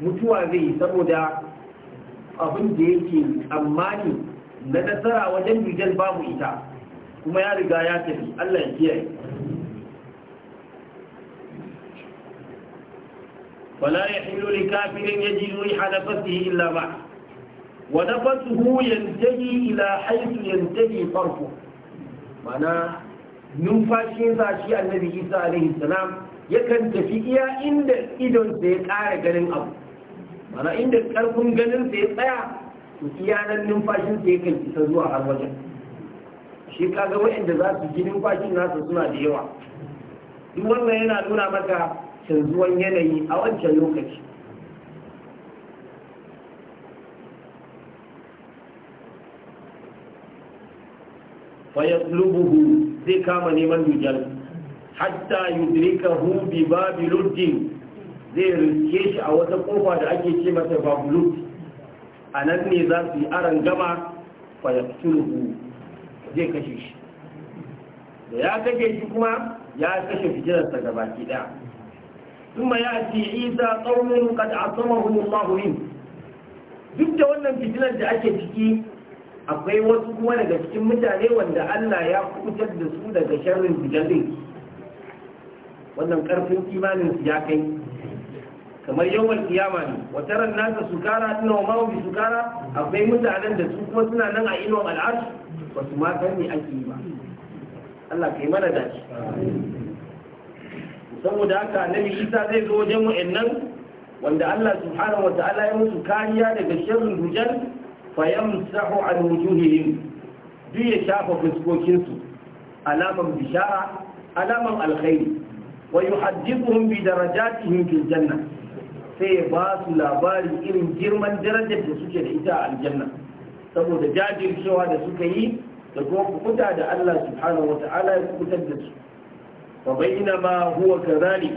mutuwa zai saboda abin da yake tsammani na nasara wajen bijan babu ita kuma ya riga ya tafi allah ya kiyaye فلا يحل لكافر يجد ريح نفسه إلا معه ونفسه ينتهي الى حيث ينتهي طرفه mana numfashinsa shi annabi isa alaihi salam yakan tafi iya inda idonsa ya ƙara ganin abu mana inda ƙarfin ganinsa ya tsaya to iya nan numfashinsa yakan isa zuwa har wajen shi kaga waɗanda za su ji numfashin nasa suna da yawa duk wannan yana nuna maka canzuwan yanayi a wancan lokaci fa zai kama neman dujjal hatta yudrikahu bi babiluddin zai riske shi a wata kofa da ake ce mata babilut a ne za su yi aran gama fa zai kashe shi da ya kashe shi kuma ya kashe gaba gabaki daya ثم يأتي عيسى قوم قد عصمهم الله منه duk da wannan fitilar da ake ciki akwai wasu kuma daga cikin mutane wanda Allah ya kutar da su daga sharrin bijalin wannan karfin imanin su ya kai kamar yawan kiyama ne ran nasa sukara ina wa su sukara akwai mutanen da su kuma suna nan a ino al'adu? ba su ma san ne ake yi ba Allah kai mana dace saboda haka annabi Isa zai zo wajen mu'annan wanda Allah subhanahu wa ta'ala ya musu kariya daga sharrin hujjar fayamsahu an wujuhihim duk ya shafa fuskokinsu alaman bishara alaman alkhairi wa yuhaddithuhum bi darajatihim fil janna sai ba su labari irin girman darajar da suke da ita a aljanna saboda jajircewa da suka yi da kuma kukuta da Allah subhanahu wa ta'ala ya kukutar da su fa bayyana ma huwa kadhalik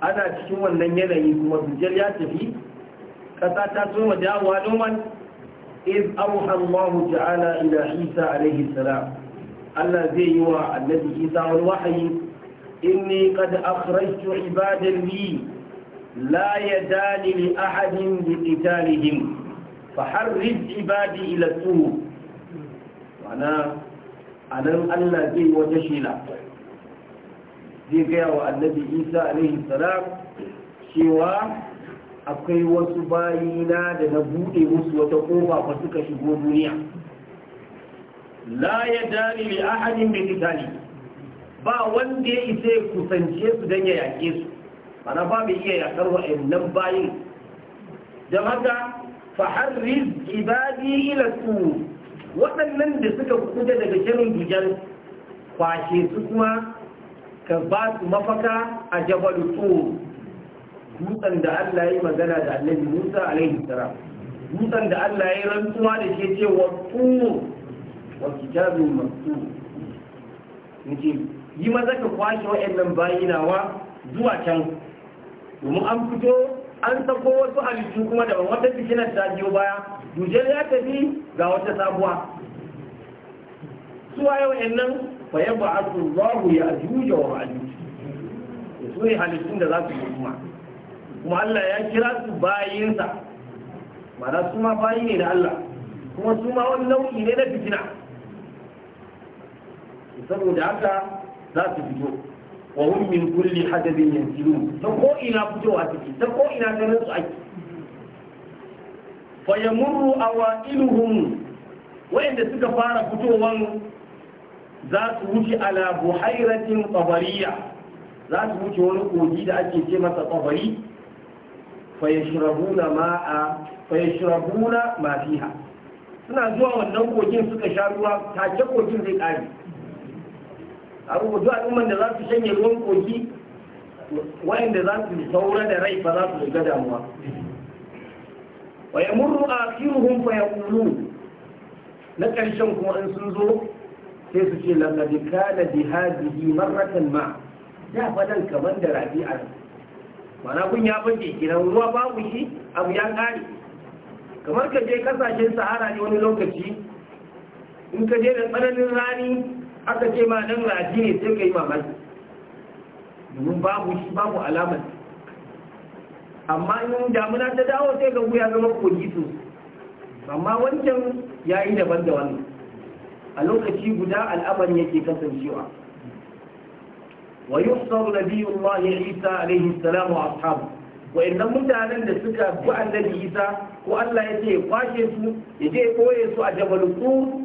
ana cikin wannan yanayi kuma dujjal ya tafi Ƙasa ta soma dawowa noman iz auha Allah ta'ala ila Isa alaihi Allah zai yi wa annabi Isa wani wahayi inni qad akhrajtu ibadan ni la yadani li ahadin bi qitalihim faharrij ibadi ila su ma'ana anan Allah zai wata shila zai gaya wa annabi Isa alaihi cewa akwai wasu bayina da na buɗe musu wata ƙofa ba suka shigo duniya la ya dani li ahadin bi ba wanda ya isa ya kusance su dan ya yake su ana ba bai iya yakar nan bayin dan haka fa harriz ibadi ila su waɗannan da suka kuta daga shirin dujan kwashe su kuma ka ba su mafaka a jabal tur dutsen da Allah ya magana da annabi Musa alaihi salam dutsen da Allah ya rantsuwa da ke ce wa turu wa kitabin maktub nake yi maza ka kwashe wayannan bayinawa zuwa can domin an fito an sako wasu halittu kuma da wata fitinar ta biyo baya dujel ya tafi ga wata sabuwa suwa yau nan fa yabba asu ya ajuja wa ajuja su ne halittun da za su yi kuma kuma Allah ya kira su bayinsa mana su ma bayi ne na Allah kuma su ma wani nau'i ne na fitina saboda haka za su fito wa hum min kulli hadabin yansilun ta ko ina fitowa take ta ko ina ganin su ake fa yamurru awailuhum wa'anda suka fara fitowan za su wuce ala buhairatin qabariya za su wuce wani kogi da ake ce masa qabari fayashrabuna ma'a fayashrabuna ma suna zuwa wannan kogin suka sha ruwa take kogin zai kare abubuwa duk al'umman da za su shanye ruwan kogi wa'inda za su saura da rai ba za su shiga damuwa wa yamurru akhiruhum Faya na karshen kuma in sun zo sai su ce laqad kana bi hadhihi marratan ma da fadan kamar da rabi'a mana kun ya bace gidan ruwa babu shi abu ya kare kamar ka je kasashen sahara ne wani lokaci in ka je da tsananin rani aka ce ma nan raji ne sai ka yi mamaki domin babu shi babu alamar amma in damuna ta dawo sai ga ya zama kogi su amma wancan ya yi daban da wannan a lokaci guda al'amari yake kasancewa ويحصر نبي الله عيسى عليه السلام وأصحابه wa'annan mutanen da suka bi annabi isa ko allah ya ya kwashe su ya je koye su a jabal tur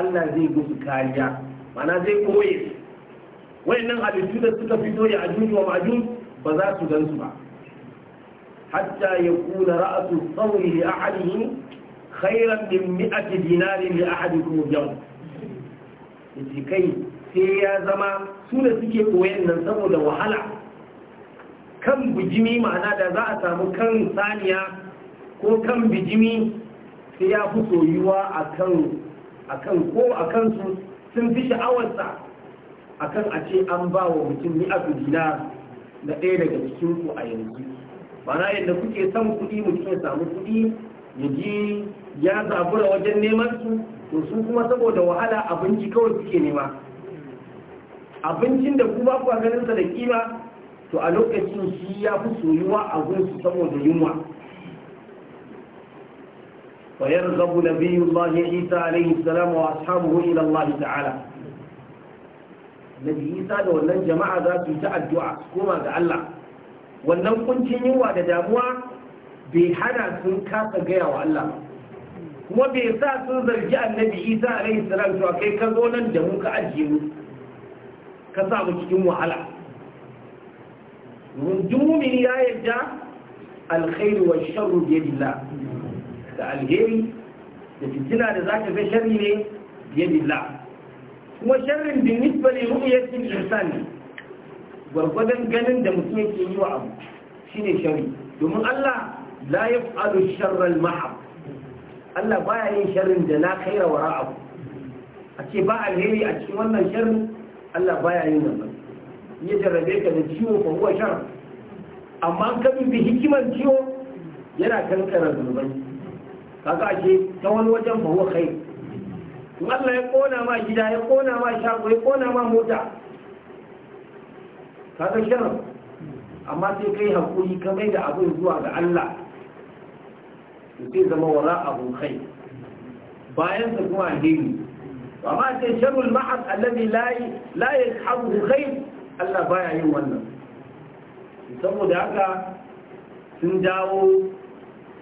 allah zai musu kariya mana zai koye su wa'annan halittu da suka fito ya ajuj wa majuj ba za su gan su ba hatta ya kuna ra'asu tsauri li ahadihim khairan min mi'ati dinarin li ahadikum yawm yace kai sai ya zama su da suke koyan nan saboda wahala kan bijimi ma'ana da za a samu kan saniya ko kan bijimi sai ya fi soyuwa a kan ko a kansu sun fi sha'awarsa a kan a ce an ba wa mutum ni a da ɗaya daga cikinku a yanzu bana yadda kuke son kuɗi mutum ya samu kuɗi ya ji ya zabura wajen neman su to su kuma saboda wahala abinci kawai suke nema abincin da kuma kuwa ganin sa da kima to a lokacin shi ya fi soyuwa a gunsu saboda yunwa ويرغب نبي الله عيسى wa السلام واصحابه الى ta'ala. Na Nabi Isa da wannan jama'a za su yi ta addu'a koma ga Allah wannan kuncin yunwa da damuwa bai hana sun kasa gaya wa Allah kuma bai sa sun zargi annabi Isa alaihi salam to kai ka zo nan da mu ka ajiye mu ka sa mu cikin wahala mumini ya yarda alkhairu wa sharru bi da alheri da fitina da zaka ga sharri ne bi yadillah kuma sharrin bin nisba ru'yatil insani gwargwadon ganin da mutum yake yi wa abu shine sharri domin Allah la yaf'alu sharra al-mahab Allah baya yin sharrin da la khaira wara'ahu a ce ba alheri a cikin wannan sharrin Allah baya yin nan ya jarrabe ka da ciwo ko huwa shar amma ka bi hikiman ciwo yana kankara zunubai kaga ce ta wani wajen ba huwa kai in Allah ya kona ma gida ya kona ma shago ya kona ma mota kaga shar amma sai kai hakuri ka mai da abin zuwa ga Allah to sai zama abu kai bayan sa kuma alheri amma ce sharul ma'ad alladhi la la yaqhabu khayr Allah baya yin wannan saboda haka sun dawo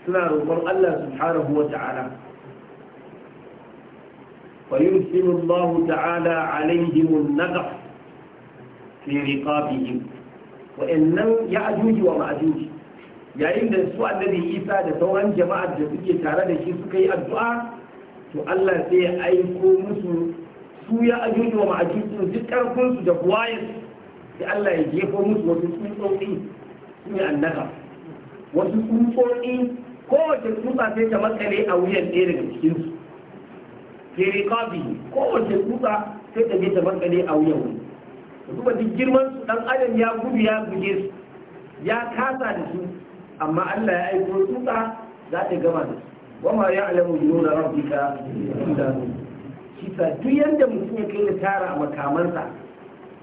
suna roƙon Allah subhanahu wa ta'ala wa yursilu Allah ta'ala alaihim an-naqaf fi riqabihim wa innam ya'juj wa ma'juj yayin da su annabi Isa da sauran jama'ar da suke tare da shi suka yi addu'a to Allah zai aiko musu su ya ajuju wa ma'ajuju duk su da buwayin sai Allah ya jefo musu wasu tsuntsoni su ne annaka wasu ko kowace tsutsa sai ta matsale a wuyan ɗaya daga cikinsu ko kowace tsutsa sai ta je ta matsale a wuyan wani kuma duk girman su dan adam ya gudu ya buge su ya kasa da su amma Allah ya aiko tsutsa za ta gama da su wama alamu nuna rabbika illa hu kisa duk yanda mutum ya kai da tara makamansa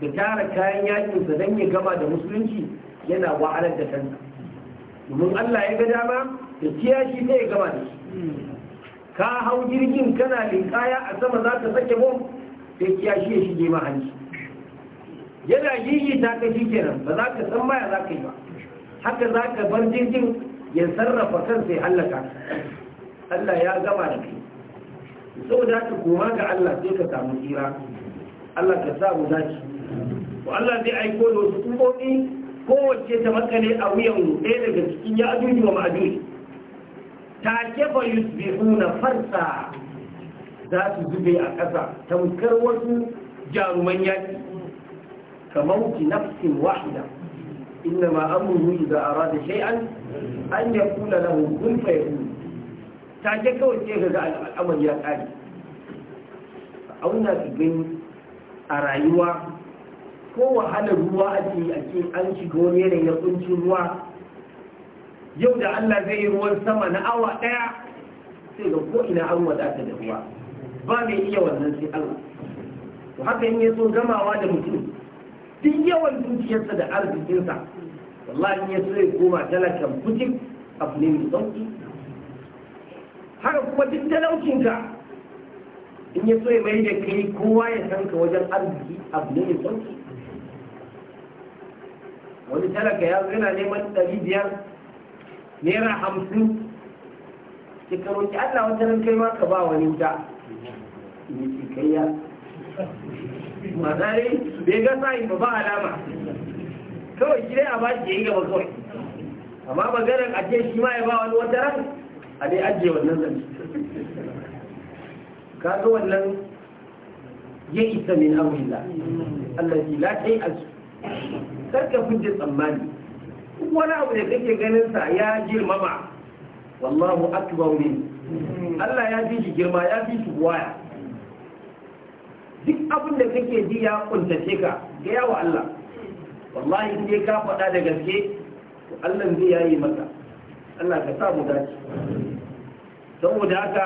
da tara kayan yakin sa dan ya gama da musulunci yana wahalar da kansa domin Allah ya ga dama da kiyashi sai ya gama da shi ka hau jirgin kana linkaya a sama za ka sake bom sai kiyashi ya shige ma hanci yana yi ta ka shi kenan ba za ka san maya za ka yi ba haka za ka bar jirgin ya sarrafa kansa ya hallaka Allah ya gama da kai saboda haka goma ga Allah sai ka samu tsira Allah ka sa mu dace to Allah zai aiko da wasu tsubobi kowace ta makale a wuyan ɗaya daga cikin ya ajuji wa ma'ajuji ta kefa na farsa za su zube a ƙasa tamkar wasu jaruman yaki kamar ki nafsin wahida inna ma amuru idza arada shay'an an yakula lahu kun fayakun take kawai ce ga al'amari ya ƙare auna su gani a rayuwa ko wahalar ruwa a a ce an shiga wani yanayi na kuncin ruwa yau da Allah zai yi ruwan sama na awa ɗaya sai ga ko ina an wadata da ruwa ba mai iya wannan sai Allah to haka in ya so gamawa da mutum duk yawan dukiyarsa da arzikinsa wallahi ya so ya koma talakan fitin abu ne mai sauki haka kuma duk talaucinka in ya so ya mai da kai kowa ya san ka wajen arziki abu ne mai sauki wani talaka ya yana neman ɗari biyar naira hamsin ki ka roƙi Allah wata nan kai ma ka ba wani wuta ni ki kai ya mazari bai ga sai ba ba alama kawai shi dai a ba shi yayi gaba kawai amma maganar a ce shi ma ya ba wani wata ran a dai ajiye wannan ka kaga wannan ya isa min amrillah allazi la su karka fujje tsammani wani abu da kake ganin sa ya girmama wallahu akbar min Allah ya fi shi girma ya fi shi waya duk abin da kake ji ya kuntace ka ga yawa Allah wallahi in ka faɗa da gaske to Allah zai yayi maka Allah ka sa mu dace saboda haka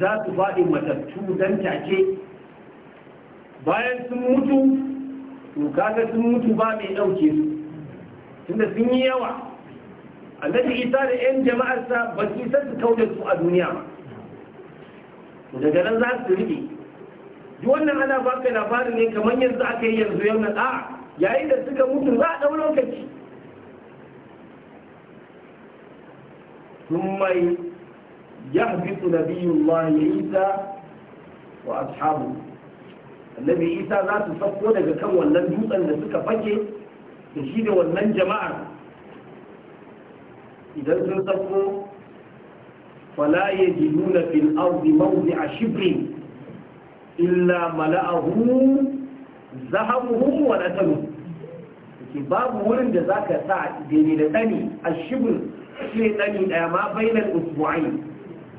za su faɗi matattu dan take bayan sun mutu to kaga sun mutu ba mai ɗauke su tunda sun yi yawa annabi isa da yan jama'arsa ba su isa su kauda su a duniya ba daga nan za su rike duk wannan ana baka labarin ne kamar yanzu aka yi yanzu yau na yayin da suka mutu za a ɗau lokaci ثم يهبط نبي الله عيسى وأصحابه النبي عيسى ذات صفو daga kan wannan dutsen da suka fake da shi da wannan jama'ar idan sun sako fala yajiduna fil ardi mawdi'a shibrin illa mala'ahu zahabuhum wa nataluhum babu wurin da zaka sa daidai da tsani a shibrin shi ɗani ɗaya ma bainar usbu'ai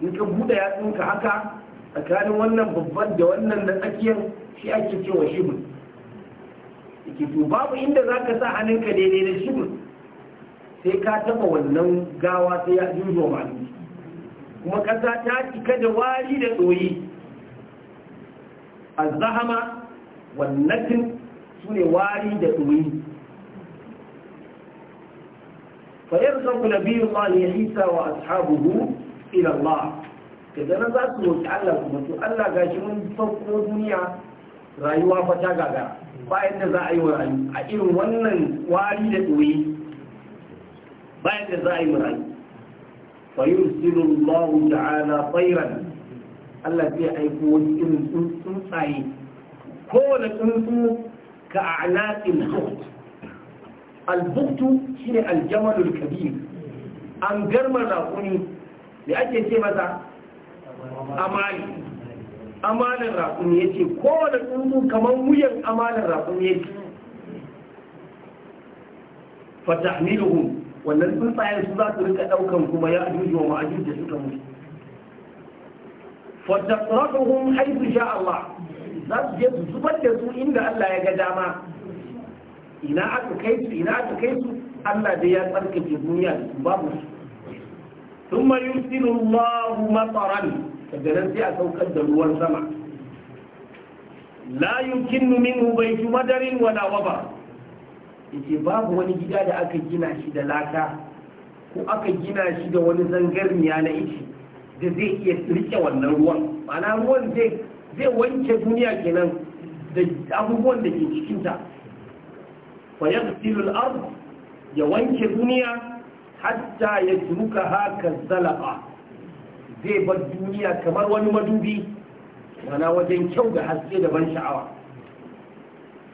in ka buɗe ka haka tsakanin wannan babban da wannan na tsakiyar shi ake cewa shibin yake to babu inda za ka sa hannunka daidai da shibin sai ka taɓa wannan gawa sai ya juzo malu kuma ƙasa ta cika da wari da ɗoyi a zahama wannan su ne wari da ɗoyi فيرزق نبي الله عيسى واصحابه الى الله idan za su roƙi Allah kuma to Allah ga mun farko duniya rayuwa ta gaga ba yadda za a yi wa rayu a irin wannan wari da ɗoyi ba yadda za a yi wa rayu fa yursilu Allah ta'ala tsairan Allah zai aiko irin tsuntsaye kowane tsuntsu ka a'naqin albuktu shi ne aljamalul kabir an garmar raƙuni da ake ce masa amali amalin raƙuni ya ce kowane tsuntsu kamar wuyan amalin raƙuni ya ce fata miluhu wannan tsuntsayen su za su rika ɗaukan kuma ya ajuji wa ma'ajuji da suka mutu fata tsarafin haifu sha Allah za su je su zubar da su inda Allah ya ga dama ina aka kai su ina aka kai su Allah dai ya tsarkake duniya da su babu su thumma yusilu Allahu matsaran daga nan sai a saukar da ruwan sama la yukinnu minhu baytu madarin wala waba yace babu wani gida da aka gina shi da laka ko aka gina shi da wani zangarniya na ishi da zai iya rike wannan ruwan ma'ana ruwan zai wanke duniya kenan da abubuwan da ke cikinta ويغسل الأرض يوانك الدنيا ya wanke duniya hatta الدنيا haka zalaqa zai bar duniya kamar wani madubi ثم wajen kyau da haske da ban sha'awa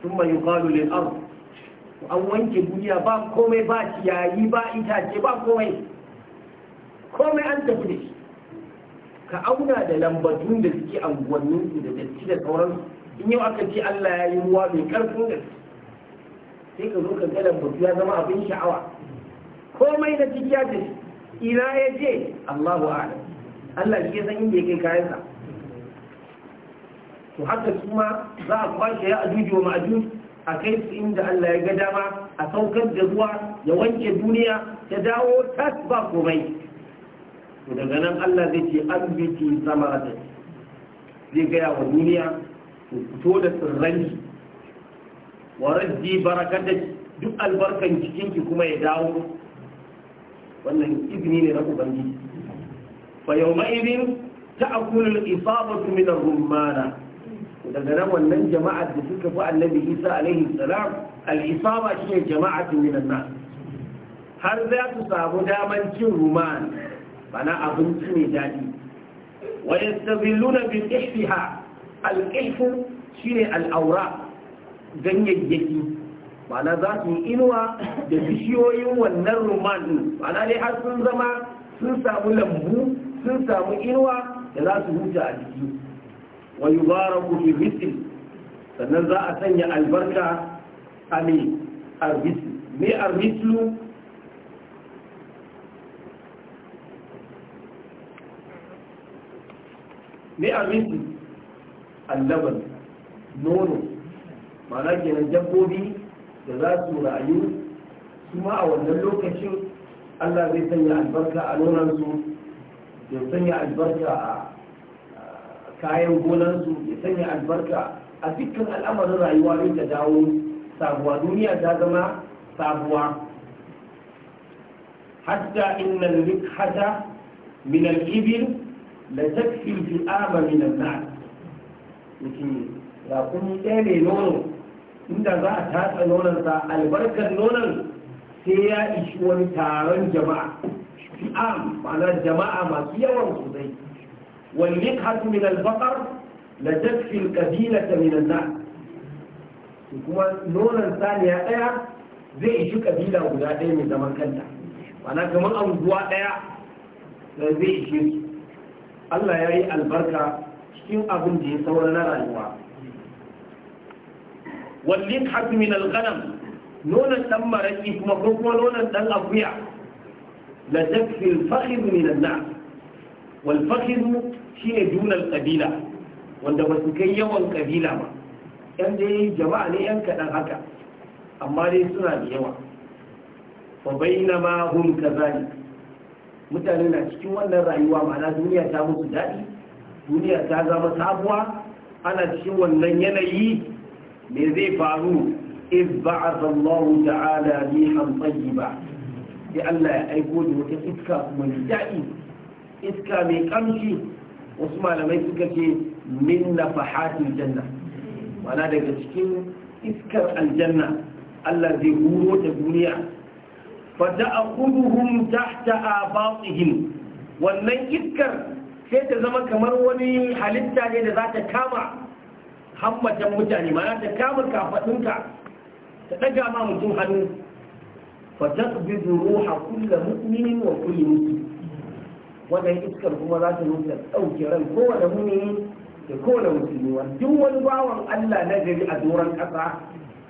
thumma yuqalu lil an wanke duniya ba komai ba ciyayi ba itace ba komai komai an tafi da shi ka auna da lambatun da suke anguwanninsu da datti da sauransu in yau aka ce Allah ya yi ruwa mai karfin gaske sai ka zo ka ga lambatu ya zama abin sha'awa komai na ciki ya tafi ina ya je Allahu Allah shi ya san inda ya kai kayansa to haka kuma za a kwashe ya ajuju wa ma'ajuj a kai su inda Allah ya ga dama a saukar da ruwa ya wanke duniya ta dawo tas ba komai to daga nan Allah zai ce zama biti zai gaya wa duniya to fito da tsirrai wa raddi da duk albarkan cikinki kuma ya dawo wannan izini ne na ubangiji fa yawma mairin ta al-isabatu min ar-rumana daga nan wannan jama'ar da suka fi annabi Isa alaihi salam al-isaba shine jama'ar min an har za su samu daman cin ruman bana abinci ne daɗi. wa yastazilluna bil ihtiha al shine al ganyayyaki ma'ana za su yi inuwa da bishiyoyin wannan rumman din ma'ana dai har sun zama sun samu lambu sun samu inuwa da za su huta a jiki wa ku fi bisi sannan za a sanya albarka a me arbisu me arbisu me arbisu allaban nono ma'ana kenan dabbobi da za su rayu kuma a wannan lokacin allah zai sanya albarka a nonansu ya sanya albarka a kayan gonansu ya sanya albarka a dukkan al'amarin rayuwa ne ta dawo sabuwa duniya ta zama sabuwa hatta inna rikhata min al-ibil la takfi fi ama min an-nas mutum ya kun ɗaya ne nono inda za a tatsa nonansa albarkar nonan sai ya ishi wani taron jama'a fi'am ma'ana jama'a masu yawan sosai wal yikhatu min al baqar la takfi al qabilata min an nas kuma nonan saniya daya zai ishi kabila guda daya mai zaman kanta Mana kamar anguwa daya da zai ishe su Allah ya yi albarka cikin abin da ya saura na rayuwa wallin hasmin alƙalam nonon ɗan maraƙi kuma ko kuma nonon ɗan akuya la zakfil fakhir min an-nas shi ne shine dunal wanda ba su kai yawan kabila ba yan dai jama'a ne yan kaɗan haka amma dai suna da yawa fa bainama hum kazalik mutane na cikin wannan rayuwa ma'ana duniya ta musu daɗi duniya ta zama sabuwa ana cikin wannan yanayi me zai faru iz ba'atha Allah ta'ala rihan ba sai Allah ya aiko da wata iska mai daɗi iska mai kamshi wasu malamai suka ce min nafahatil janna mana daga cikin iskar aljanna Allah zai huro da duniya fata'khuduhum tahta abatihim wannan iskar sai ta zama kamar wani halitta ne da za ta kama hammatan mutane mana ta kamar kafaɗinka ta ɗaga ma mutum hannu bi ruha kullu mu'minin wa kullu muslim wannan iskar kuma za ta nuna ɗauke ran kowane muni da kowane musulmi wa duk wani bawan Allah na gari a doron ƙasa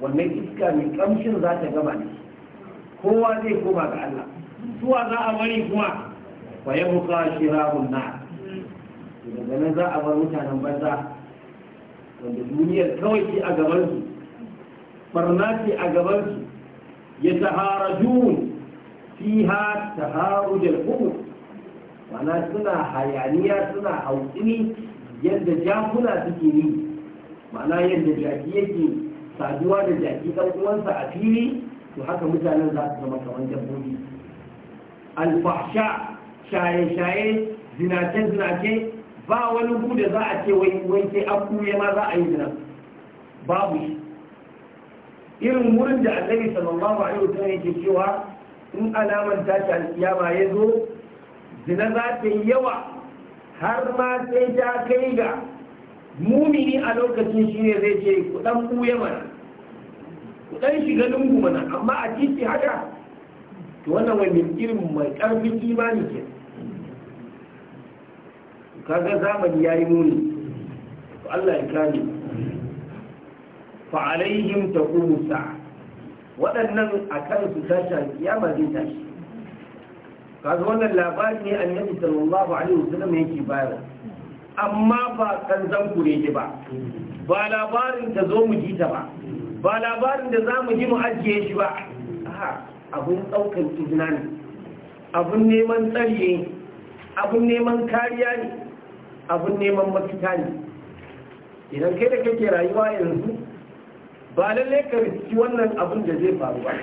wannan iska mai ƙamshin za ta gaba ne kowa zai koma ga Allah suwa za a bari kuma wa ya shirahun na daga nan za a bar mutanen banza wanda duniyar kawai ke a gabansu barna ce a gabansu ya fi ha taharujal hukum mana suna hayaniya suna hautsini yadda jakuna suke yi mana yadda jaki yake saduwa da jaki ɗan uwansa a fili to haka mutanen za su zama kamar dabbobi alfahsha shaye-shaye zinace-zinace ba wani gu za a ce wai sai an kuye ma za a yi zina babu shi irin wurin da annabi sallallahu alaihi wasallam yake cewa in alaman ta ta alkiyama ya zo zina za ta yi yawa har ma sai ta kai ga mumini a lokacin shi ne zai ce ku dan kuye mana ku dan shiga lungu mana amma a titi haka to wannan wani irin mai karfin imani kenan kaga zamani ya yi muni Allah ya kare fa'alaihim ta sa waɗannan a kansu tashi alkiyama zai tashi kaga wannan labari ne annabi sallallahu alaihi wasallam yake bayar amma ba kan zanku kure ki ba ba labarin da zo mu ji ta ba ba labarin da za mu ji mu ajiye shi ba abun ɗaukan izina ne abun neman tsariye abun neman kariya ne abin neman mafita ne idan kai da kake rayuwa yanzu ba lallai ka riski wannan abin da zai faru ba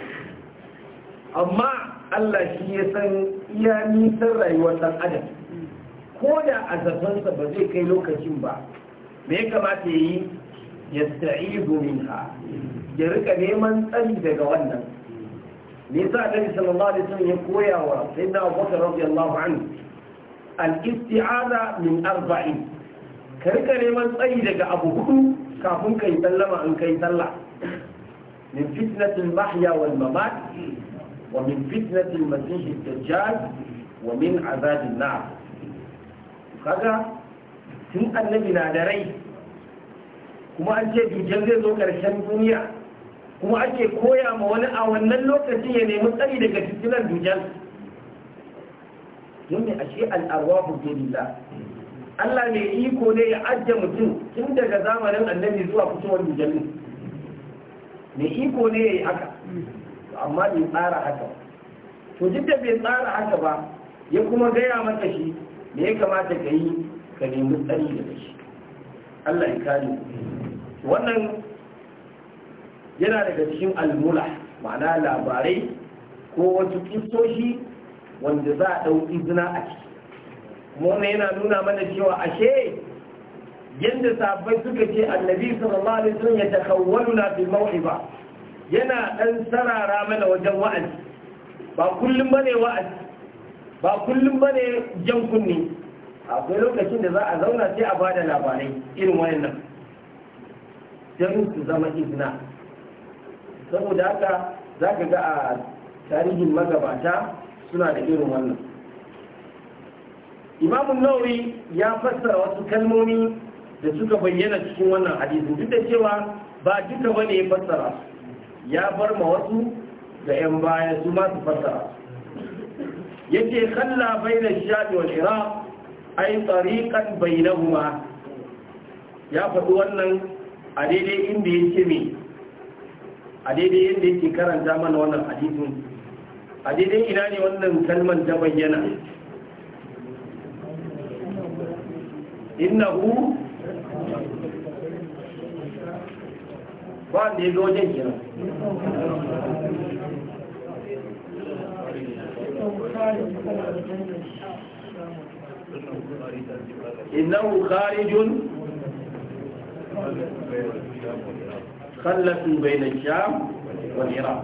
amma Allah shi ya san iya nisan rayuwar ɗan adam ko da a zafansa ba zai kai lokacin ba me ya kamata ya yi ya sa'idu minha ya rika neman tsari daga wannan me a Annabi sallallahu alaihi ya koya wa sayyidina Abu Bakar radiyallahu anhu al min arba'in ka rika neman tsayi daga abu hudu kafin yi sallama in kai sallah min fitnatil mahya wal mamat wa min fitnatil masih dajjal wa min azabin nar kaga tun annabi na da rai kuma an ce dujjal zai zo karshen duniya kuma ake koya ma wani a wannan lokacin ya nemi tsari daga fitinar dujan. don me ashe al'arwahu bidillah Allah mai iko ne ya ajiye mutum tun daga zamanin annabi zuwa fitowar mujallu mai iko ne ya yi haka amma bai tsara haka to duk da bai tsara haka ba ya kuma gaya masa shi me ya kamata ka yi ka nemi tsari daga shi Allah ya kare wannan yana daga cikin almula ma'ana labarai ko wasu kistoshi wanda za a ɗau izina a ciki wani yana nuna mana cewa ashe yadda sabbai suka ce annabi sallallahu alaihi wasallam ya takawwalu na fil maw'iba yana dan sarara mana wajen wa'azi ba kullum bane wa'azi ba kullum bane jan kunni akwai lokacin da za a zauna sai a bada labarai irin wayannan don su zama izina saboda haka za ka ga a tarihin magabata suna da irin wannan imamun nauri ya fassara wasu kalmomi da suka bayyana cikin wannan hadisin duk da cewa ba duka bane ya fassara ya bar ma wasu da 'yan baya su masu fassara yake khalla bayna shabi wal iraq ay tariqan bainahuma ya faɗi wannan a daidai inda yake me a daidai inda yake karanta mana wannan hadisin a daidai ina ne wannan kalman ta bayyana innahu ba da ya zo wajen kira innahu kharijun خلف بين الشام والعراق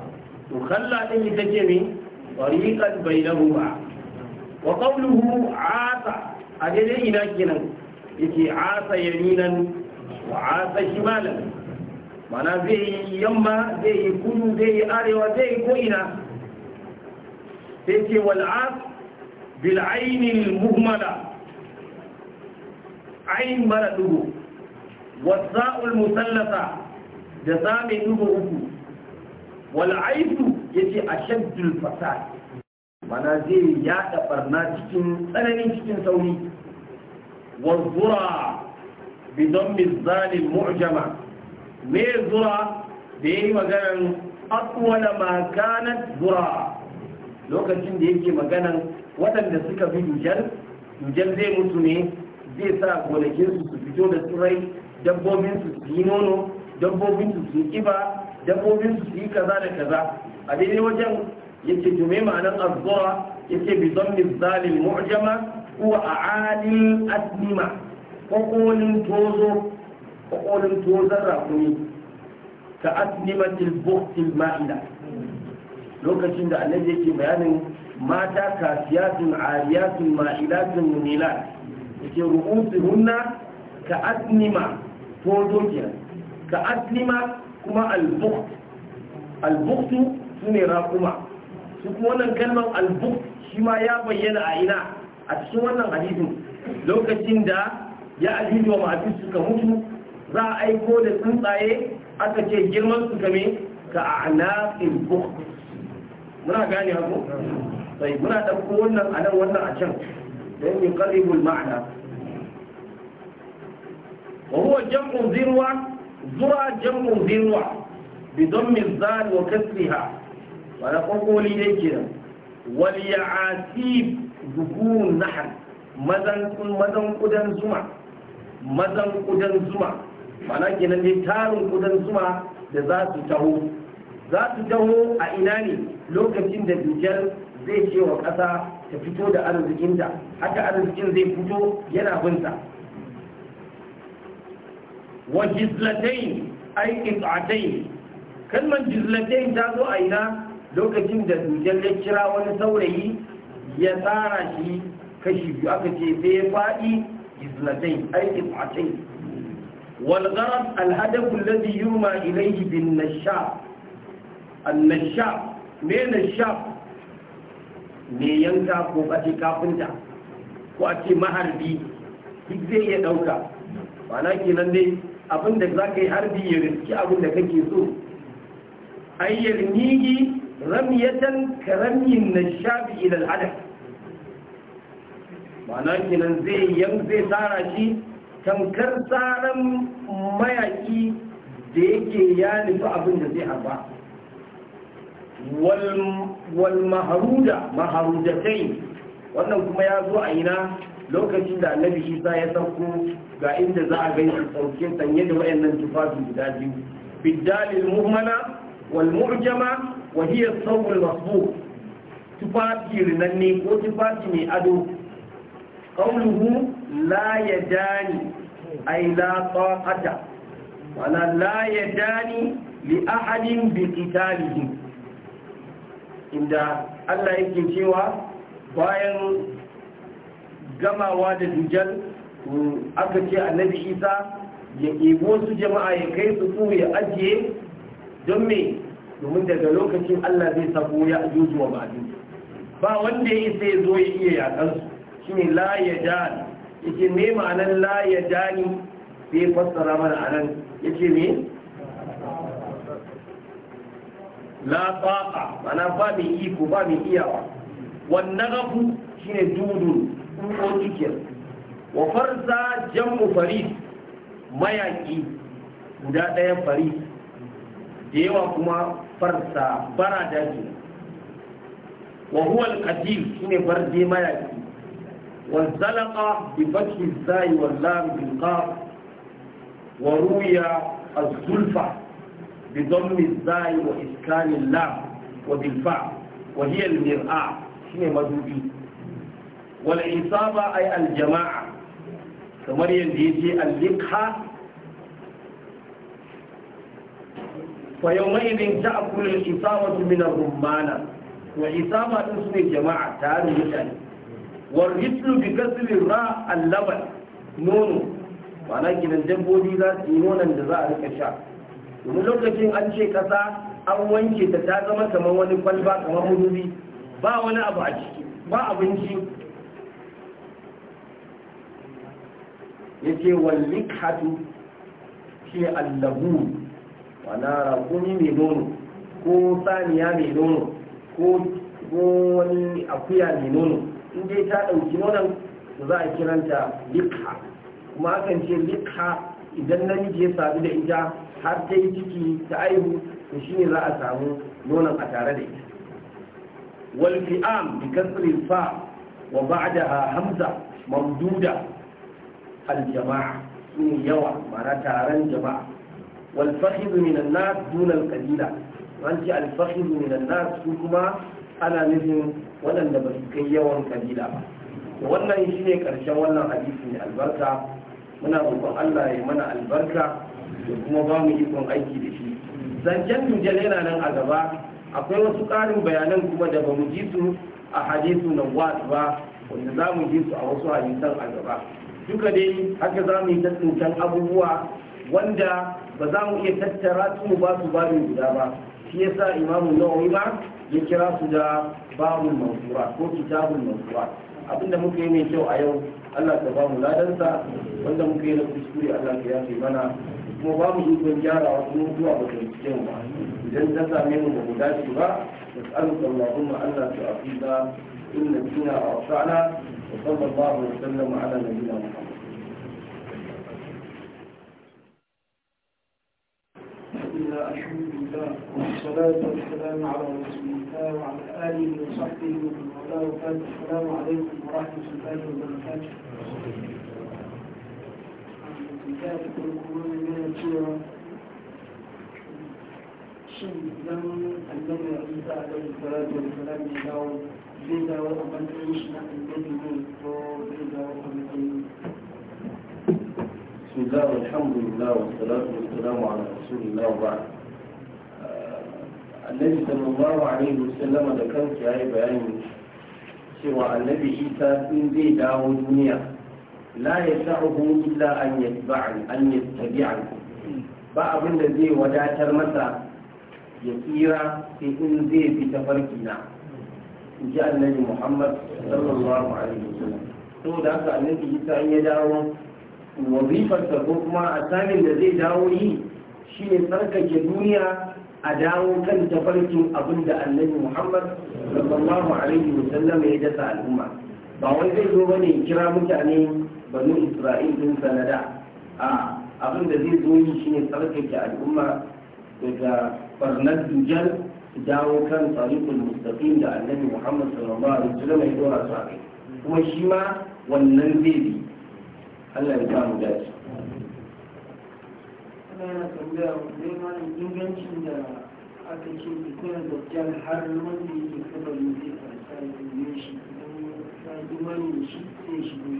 وخلى ان تجمي طريقا بينهما وقوله عاصى أجل إنا كنا يتي عاصى يمينا وعاصى شمالا معنى زي يما زي كل زي آل وزي كوينا يتي والعاص بالعين المهملة عين مرده والساء المثلثة جسام نبغه والعيث yace shaddun fasa mana zai yada barna cikin tsananin cikin sauri wa zura bi dhammi mu'jama me zura da yi maganan aqwala ma kanat zura lokacin da yake maganan waɗanda suka fi dujar dujar zai mutu ne zai sa gonakinsu su fito da tsirai dabbobinsu su yi nono dabbobinsu su yi kiba dabbobin su yi kaza da kaza a daidai wajen yake jume me ma'anar azzura yace bi dhammi zalil mu'jama a a'adil asnima kokolin tozo kokolin tozon rakumi ka asnimatil buktil ma'ida lokacin da annabi yake bayanin mata kafiyatun ariyatin ma'idatun mumilat yake rubutu ru'usuhunna ka asnima tozo kenan ka asnima kuma albukht albuktu su ne raƙuma su kuma wannan kalmar shi ma ya bayyana a ina a cikin wannan hadisin lokacin da ya ajuju wa ma'afis suka mutu za a aiko da tsuntsaye aka ce girman su kame ka a anafin muna gane hako? sai muna ɗauko wannan a nan wannan a can don yi ƙarribul ma'ana wa huwa jam'un zuwa jam'u zirwa bidon zari wa kasriha wani kokoli ne wani ya ya'asib zukurun nahar mazan kudan zuma mazan kudan zuma mana kenan ne tarin kudan zuma da za su taho za su taho a ina ne lokacin da dujal zai ce wa ƙasa ta fito da arzikinta haka arzikin zai fito yana binta wa jizlatain ai qit'atain kalman jizlatain ta zo a ina lokacin da dujal ya kira wani saurayi ya tsara shi kashi biyu aka ce sai ya fadi jizlatain ay qit'atain wal gharad al hadaf alladhi yurma ilayhi bin nashab an nashab me nashab me yanka ko kace kafinta ko a ce maharbi duk zai iya ɗauka ba na kenan dai abin da za ka yi harbi ya riski abin da kake so ayyar nigi ramiyatan ka ramiyin na shafi ilal hadar ma'ana kinan zai yan zai tsara shi tamkar tsaron mayaki da yake ya nufi abin da zai harba wal maharuda maharudatai wannan kuma ya zo a ina lokacin da annabi isa ya sauko ga inda za a gaisu sauke sanye da wayannan tufafi guda biyu bidalil muhmala wal mu'jama wa hiya thawb al masbu tufafi rinanne ko tufafi mai ado qawluhu la yadani ay la taqata wala la yadani li ahadin bi qitalihi inda Allah yake cewa bayan gamawa da dujal mm, aka ce annabi isa ya ɗebo su jama'a ya kai su ku ya ajiye don me domin daga lokacin allah zai sabo ya ajuju wa ma'adu ba wanda ya isa ya zo ya iya yakan su ne la ya ya ce ne ma'anan la ya ni sai fassara mana a nan ya ce me la tsaka mana ba mai iko ba mai iyawa wannan shi ne dudun tsutsotsi wa farsa jam'u faris mayaƙi guda ɗaya faris da yawa kuma farsa bara daji wa huwa al-qadim shine barde mayaƙi wa zalaqa bi fathi zai wal lam bil qaf wa ruya az-zulfa bi dhammi zai wa iskan lam wa bil fa wa hiya al-mir'a shine madubi wal أي الجماعة al jama'a kamar yadda yake al liqha fa yawmaidin ta'kulu al isabatu min ar rummana wa isaba din sune jama'a tare mutane bi ra al nono na gidan dabbobi za su yi nonon da za a rika sha domin lokacin an ce kasa an wanke ta ta zama kamar wani kwalba kamar mudubi ba wani abu a ciki ba abinci yace wal mikhatu ke allahu wana rakuni mai nono ko saniya mai nono ko wani akuya mai nono in dai ta ɗauki nonon za a kiranta likha kuma akan ce likha idan namiji ya sadu da ita har ta yi ciki ta aihu to ne za a samu nonon a tare da ita wal fi'am bi kasri fa wa ba'daha hamza mamduda aljama'a sun yawa mana taron jama'a wal fakhidhu min an-nas dun al-qalila an kuma ana nufin waɗanda ba su kai yawan kalila ba wannan shi ne ƙarshen wannan hadisi ne albarka muna roƙon Allah ya mana albarka da kuma ba mu ikon aiki da shi zancen dujal yana nan a gaba akwai wasu ƙarin bayanan kuma da ba mu ji su a hadisu na ba wanda za mu ji su a wasu hadisan a gaba duka dai haka za mu yi tattuntan abubuwa wanda ba za mu iya tattara su ba su mu guda ba shi yasa imamu nawawi ma ya kira su da babun mansura ko kitabun mansura abinda muka yi mai kyau a yau Allah ta mu ladansa wanda muka yi na kuskure Allah ta yafe mana kuma ba mu ikon gyarawa kuma zuwa ba ta yi ba idan ta same mu ba mu dace ba nas'aluka Allahumma Allah ta afiza inna a wa sa'ana وصلى الله وسلم على نبينا محمد الحمد لله والصلاة والسلام على رسول الله وعلى آله وصحبه ومن والاه وبعد السلام عليكم ورحمة الله وبركاته. ذلك القرون من الجيرة سنة لم النبي عليه الصلاة والسلام يداوم zai dawo a matsayin shi na annabi ne ko zai dawo a matsayin بسم الله والحمد لله والصلاة والسلام على رسول الله وبعد النبي صلى الله عليه وسلم da kansa ya yi bayani cewa annabi isa sun zai dawo duniya la ya sa'uhu illa an yatba'an an yattabi'an ba abin da zai wadatar masa ya tsira sai in zai bi ta na ji annabi muhammad sallallahu alaihi wasallam saboda haka annabi isa in ya dawo wazifarsa ko kuma a samin da zai dawo yi shine tsarkake duniya a dawo kan tafarkin abin da annabi muhammad sallallahu alaihi wasallam ya dasa al'umma ba wai zai zo bane kira mutane banu isra'il din sanada a abin da zai zo yi shine tsarkake al'umma daga barnar dujal dawo kan tariqul mustaqim da annabi Muhammad sallallahu alaihi wasallam ya dora su akai kuma shi ma wannan zai bi Allah ya samu dace Allah yana tambaya ne malam ingancin da aka ce kuna da jan har wanda yake kabar ne zai farsa ya yi shi dan ya da shi sai shi ne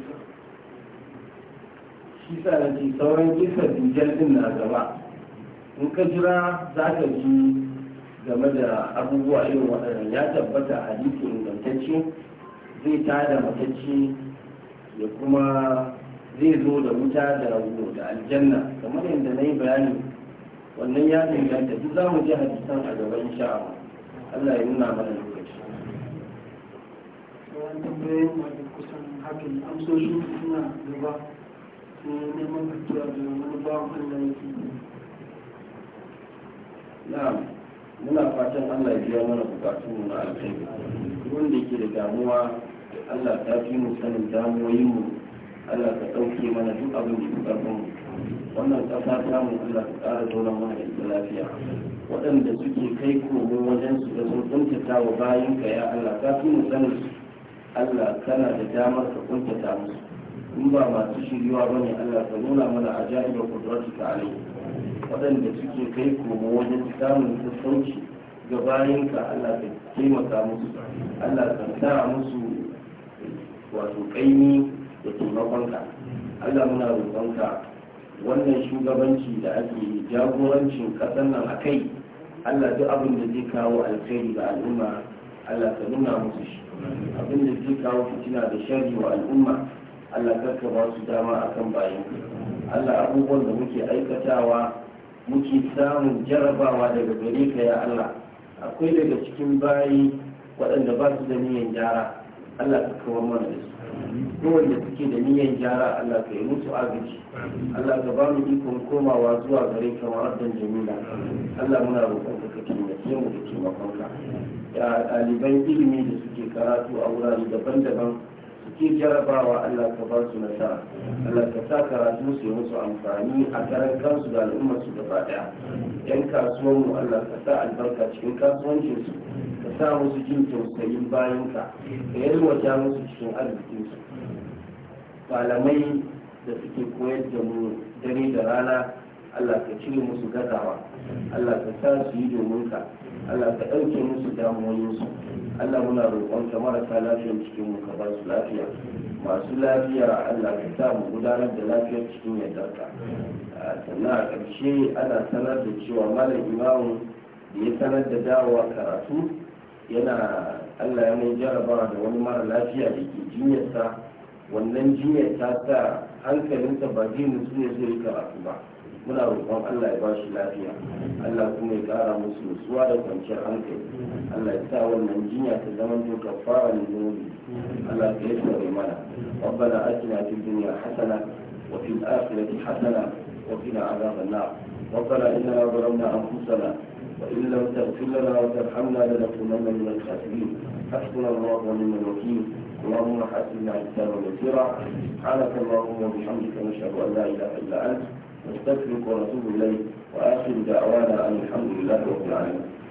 shi sa na ce sauran kisa dujjal din na gaba in ka jira za ka ji game da abubuwa irin waɗannan ya tabbata hadisi ingantacce zai tada matacce ya kuma zai zo da wuta da rago da aljanna kamar yadda na yi bayani wannan ya inganta duk za mu ji hadisan a gaban sha'awa allah ya nuna mana lokaci bayan kusan suna neman wani na'am muna fatan allah ya biya mana bukatu na na alkhairi wanda ke da damuwa allah ta fi mu sanin damuwoyin mu allah ka ɗauke mana duk abin da kuka mu wannan ƙasa ta mu allah ta ƙara zauna mana da lafiya waɗanda suke kai komo wajen su da sun kuntata wa bayan ka ya allah ta fi mu sanin allah kana da damar ka kuntata musu in ba masu shiryuwa bane allah ka nuna mana ajaibar kudratuka alaihi waɗanda suke kai komo wajen samun sassauci ga bayanka Allah ka taimaka musu Allah ka sa musu wato kaini da taimakonka Allah muna ka wannan shugabanci da ake jagorancin ƙasar nan a kai Allah duk abin da zai kawo alkhairi ga al'umma Allah ka nuna musu shi abin da zai kawo fitina da sharri wa al'umma Allah karka ba su dama akan bayan Allah abubuwan da muke aikatawa muke samun jarabawa daga gare ka ya Allah akwai daga cikin bayi waɗanda ba su da niyan gyara Allah ka kawo mana da su kowanne suke da niyan gyara Allah ka yi musu agaji Allah ka ba mu ikon komawa zuwa gare ka ma'addan jamila Allah muna roƙon ka kake mu ke mu da taimakon ka ya ɗaliban ilimi da suke karatu a wurare daban-daban suke jarabawa Allah ka ba su nasara Allah ka sa karatu su yi musu amfani a karan kansu da al'ummar su gaba daya yan kasuwan mu Allah ka sa albarka cikin kasuwancin su ka sa musu jin tausayin bayan ka ka yi yalwata musu cikin arzikin su malamai da suke koyar da mu dare da rana Allah ka cire musu gazawa Allah ka sa su yi domin ka Allah ka ɗauke musu damuwoyinsu Allah muna roƙonka marasa lafiyar cikin mu ka ba su lafiya masu lafiya Allah ka sa mu gudanar da lafiyar cikin yardarka sannan a ƙarshe ana sanar da cewa malam imamu da ya sanar da dawowa karatu yana Allah ya mai jarabawa da wani mara lafiya da ke jinyarsa wannan jinyar ta sa hankalinsa ba zai mutu ne zai karatu ba muna roƙon Allah ya ba shi lafiya Allah kuma ya ƙara musu nutsuwa da kwanciyar hankali Allah ya sa wannan jinya ta zama to kafara ne nobi Allah ka yi tsare mana rabbana atina fid dunya hasana wa fil akhirati hasana wa qina adhaban nar ربنا إننا ظلمنا أنفسنا وإن لم تغفر لنا وترحمنا لنكونن من الخاسرين حسبنا الله ونعم الوكيل اللهم حاسبنا حسابا يسيرا سبحانك اللهم وبحمدك نشهد أن لا إله إلا أنت مستسلك ونتوب إليه وآخر دعوانا أن الحمد لله رب العالمين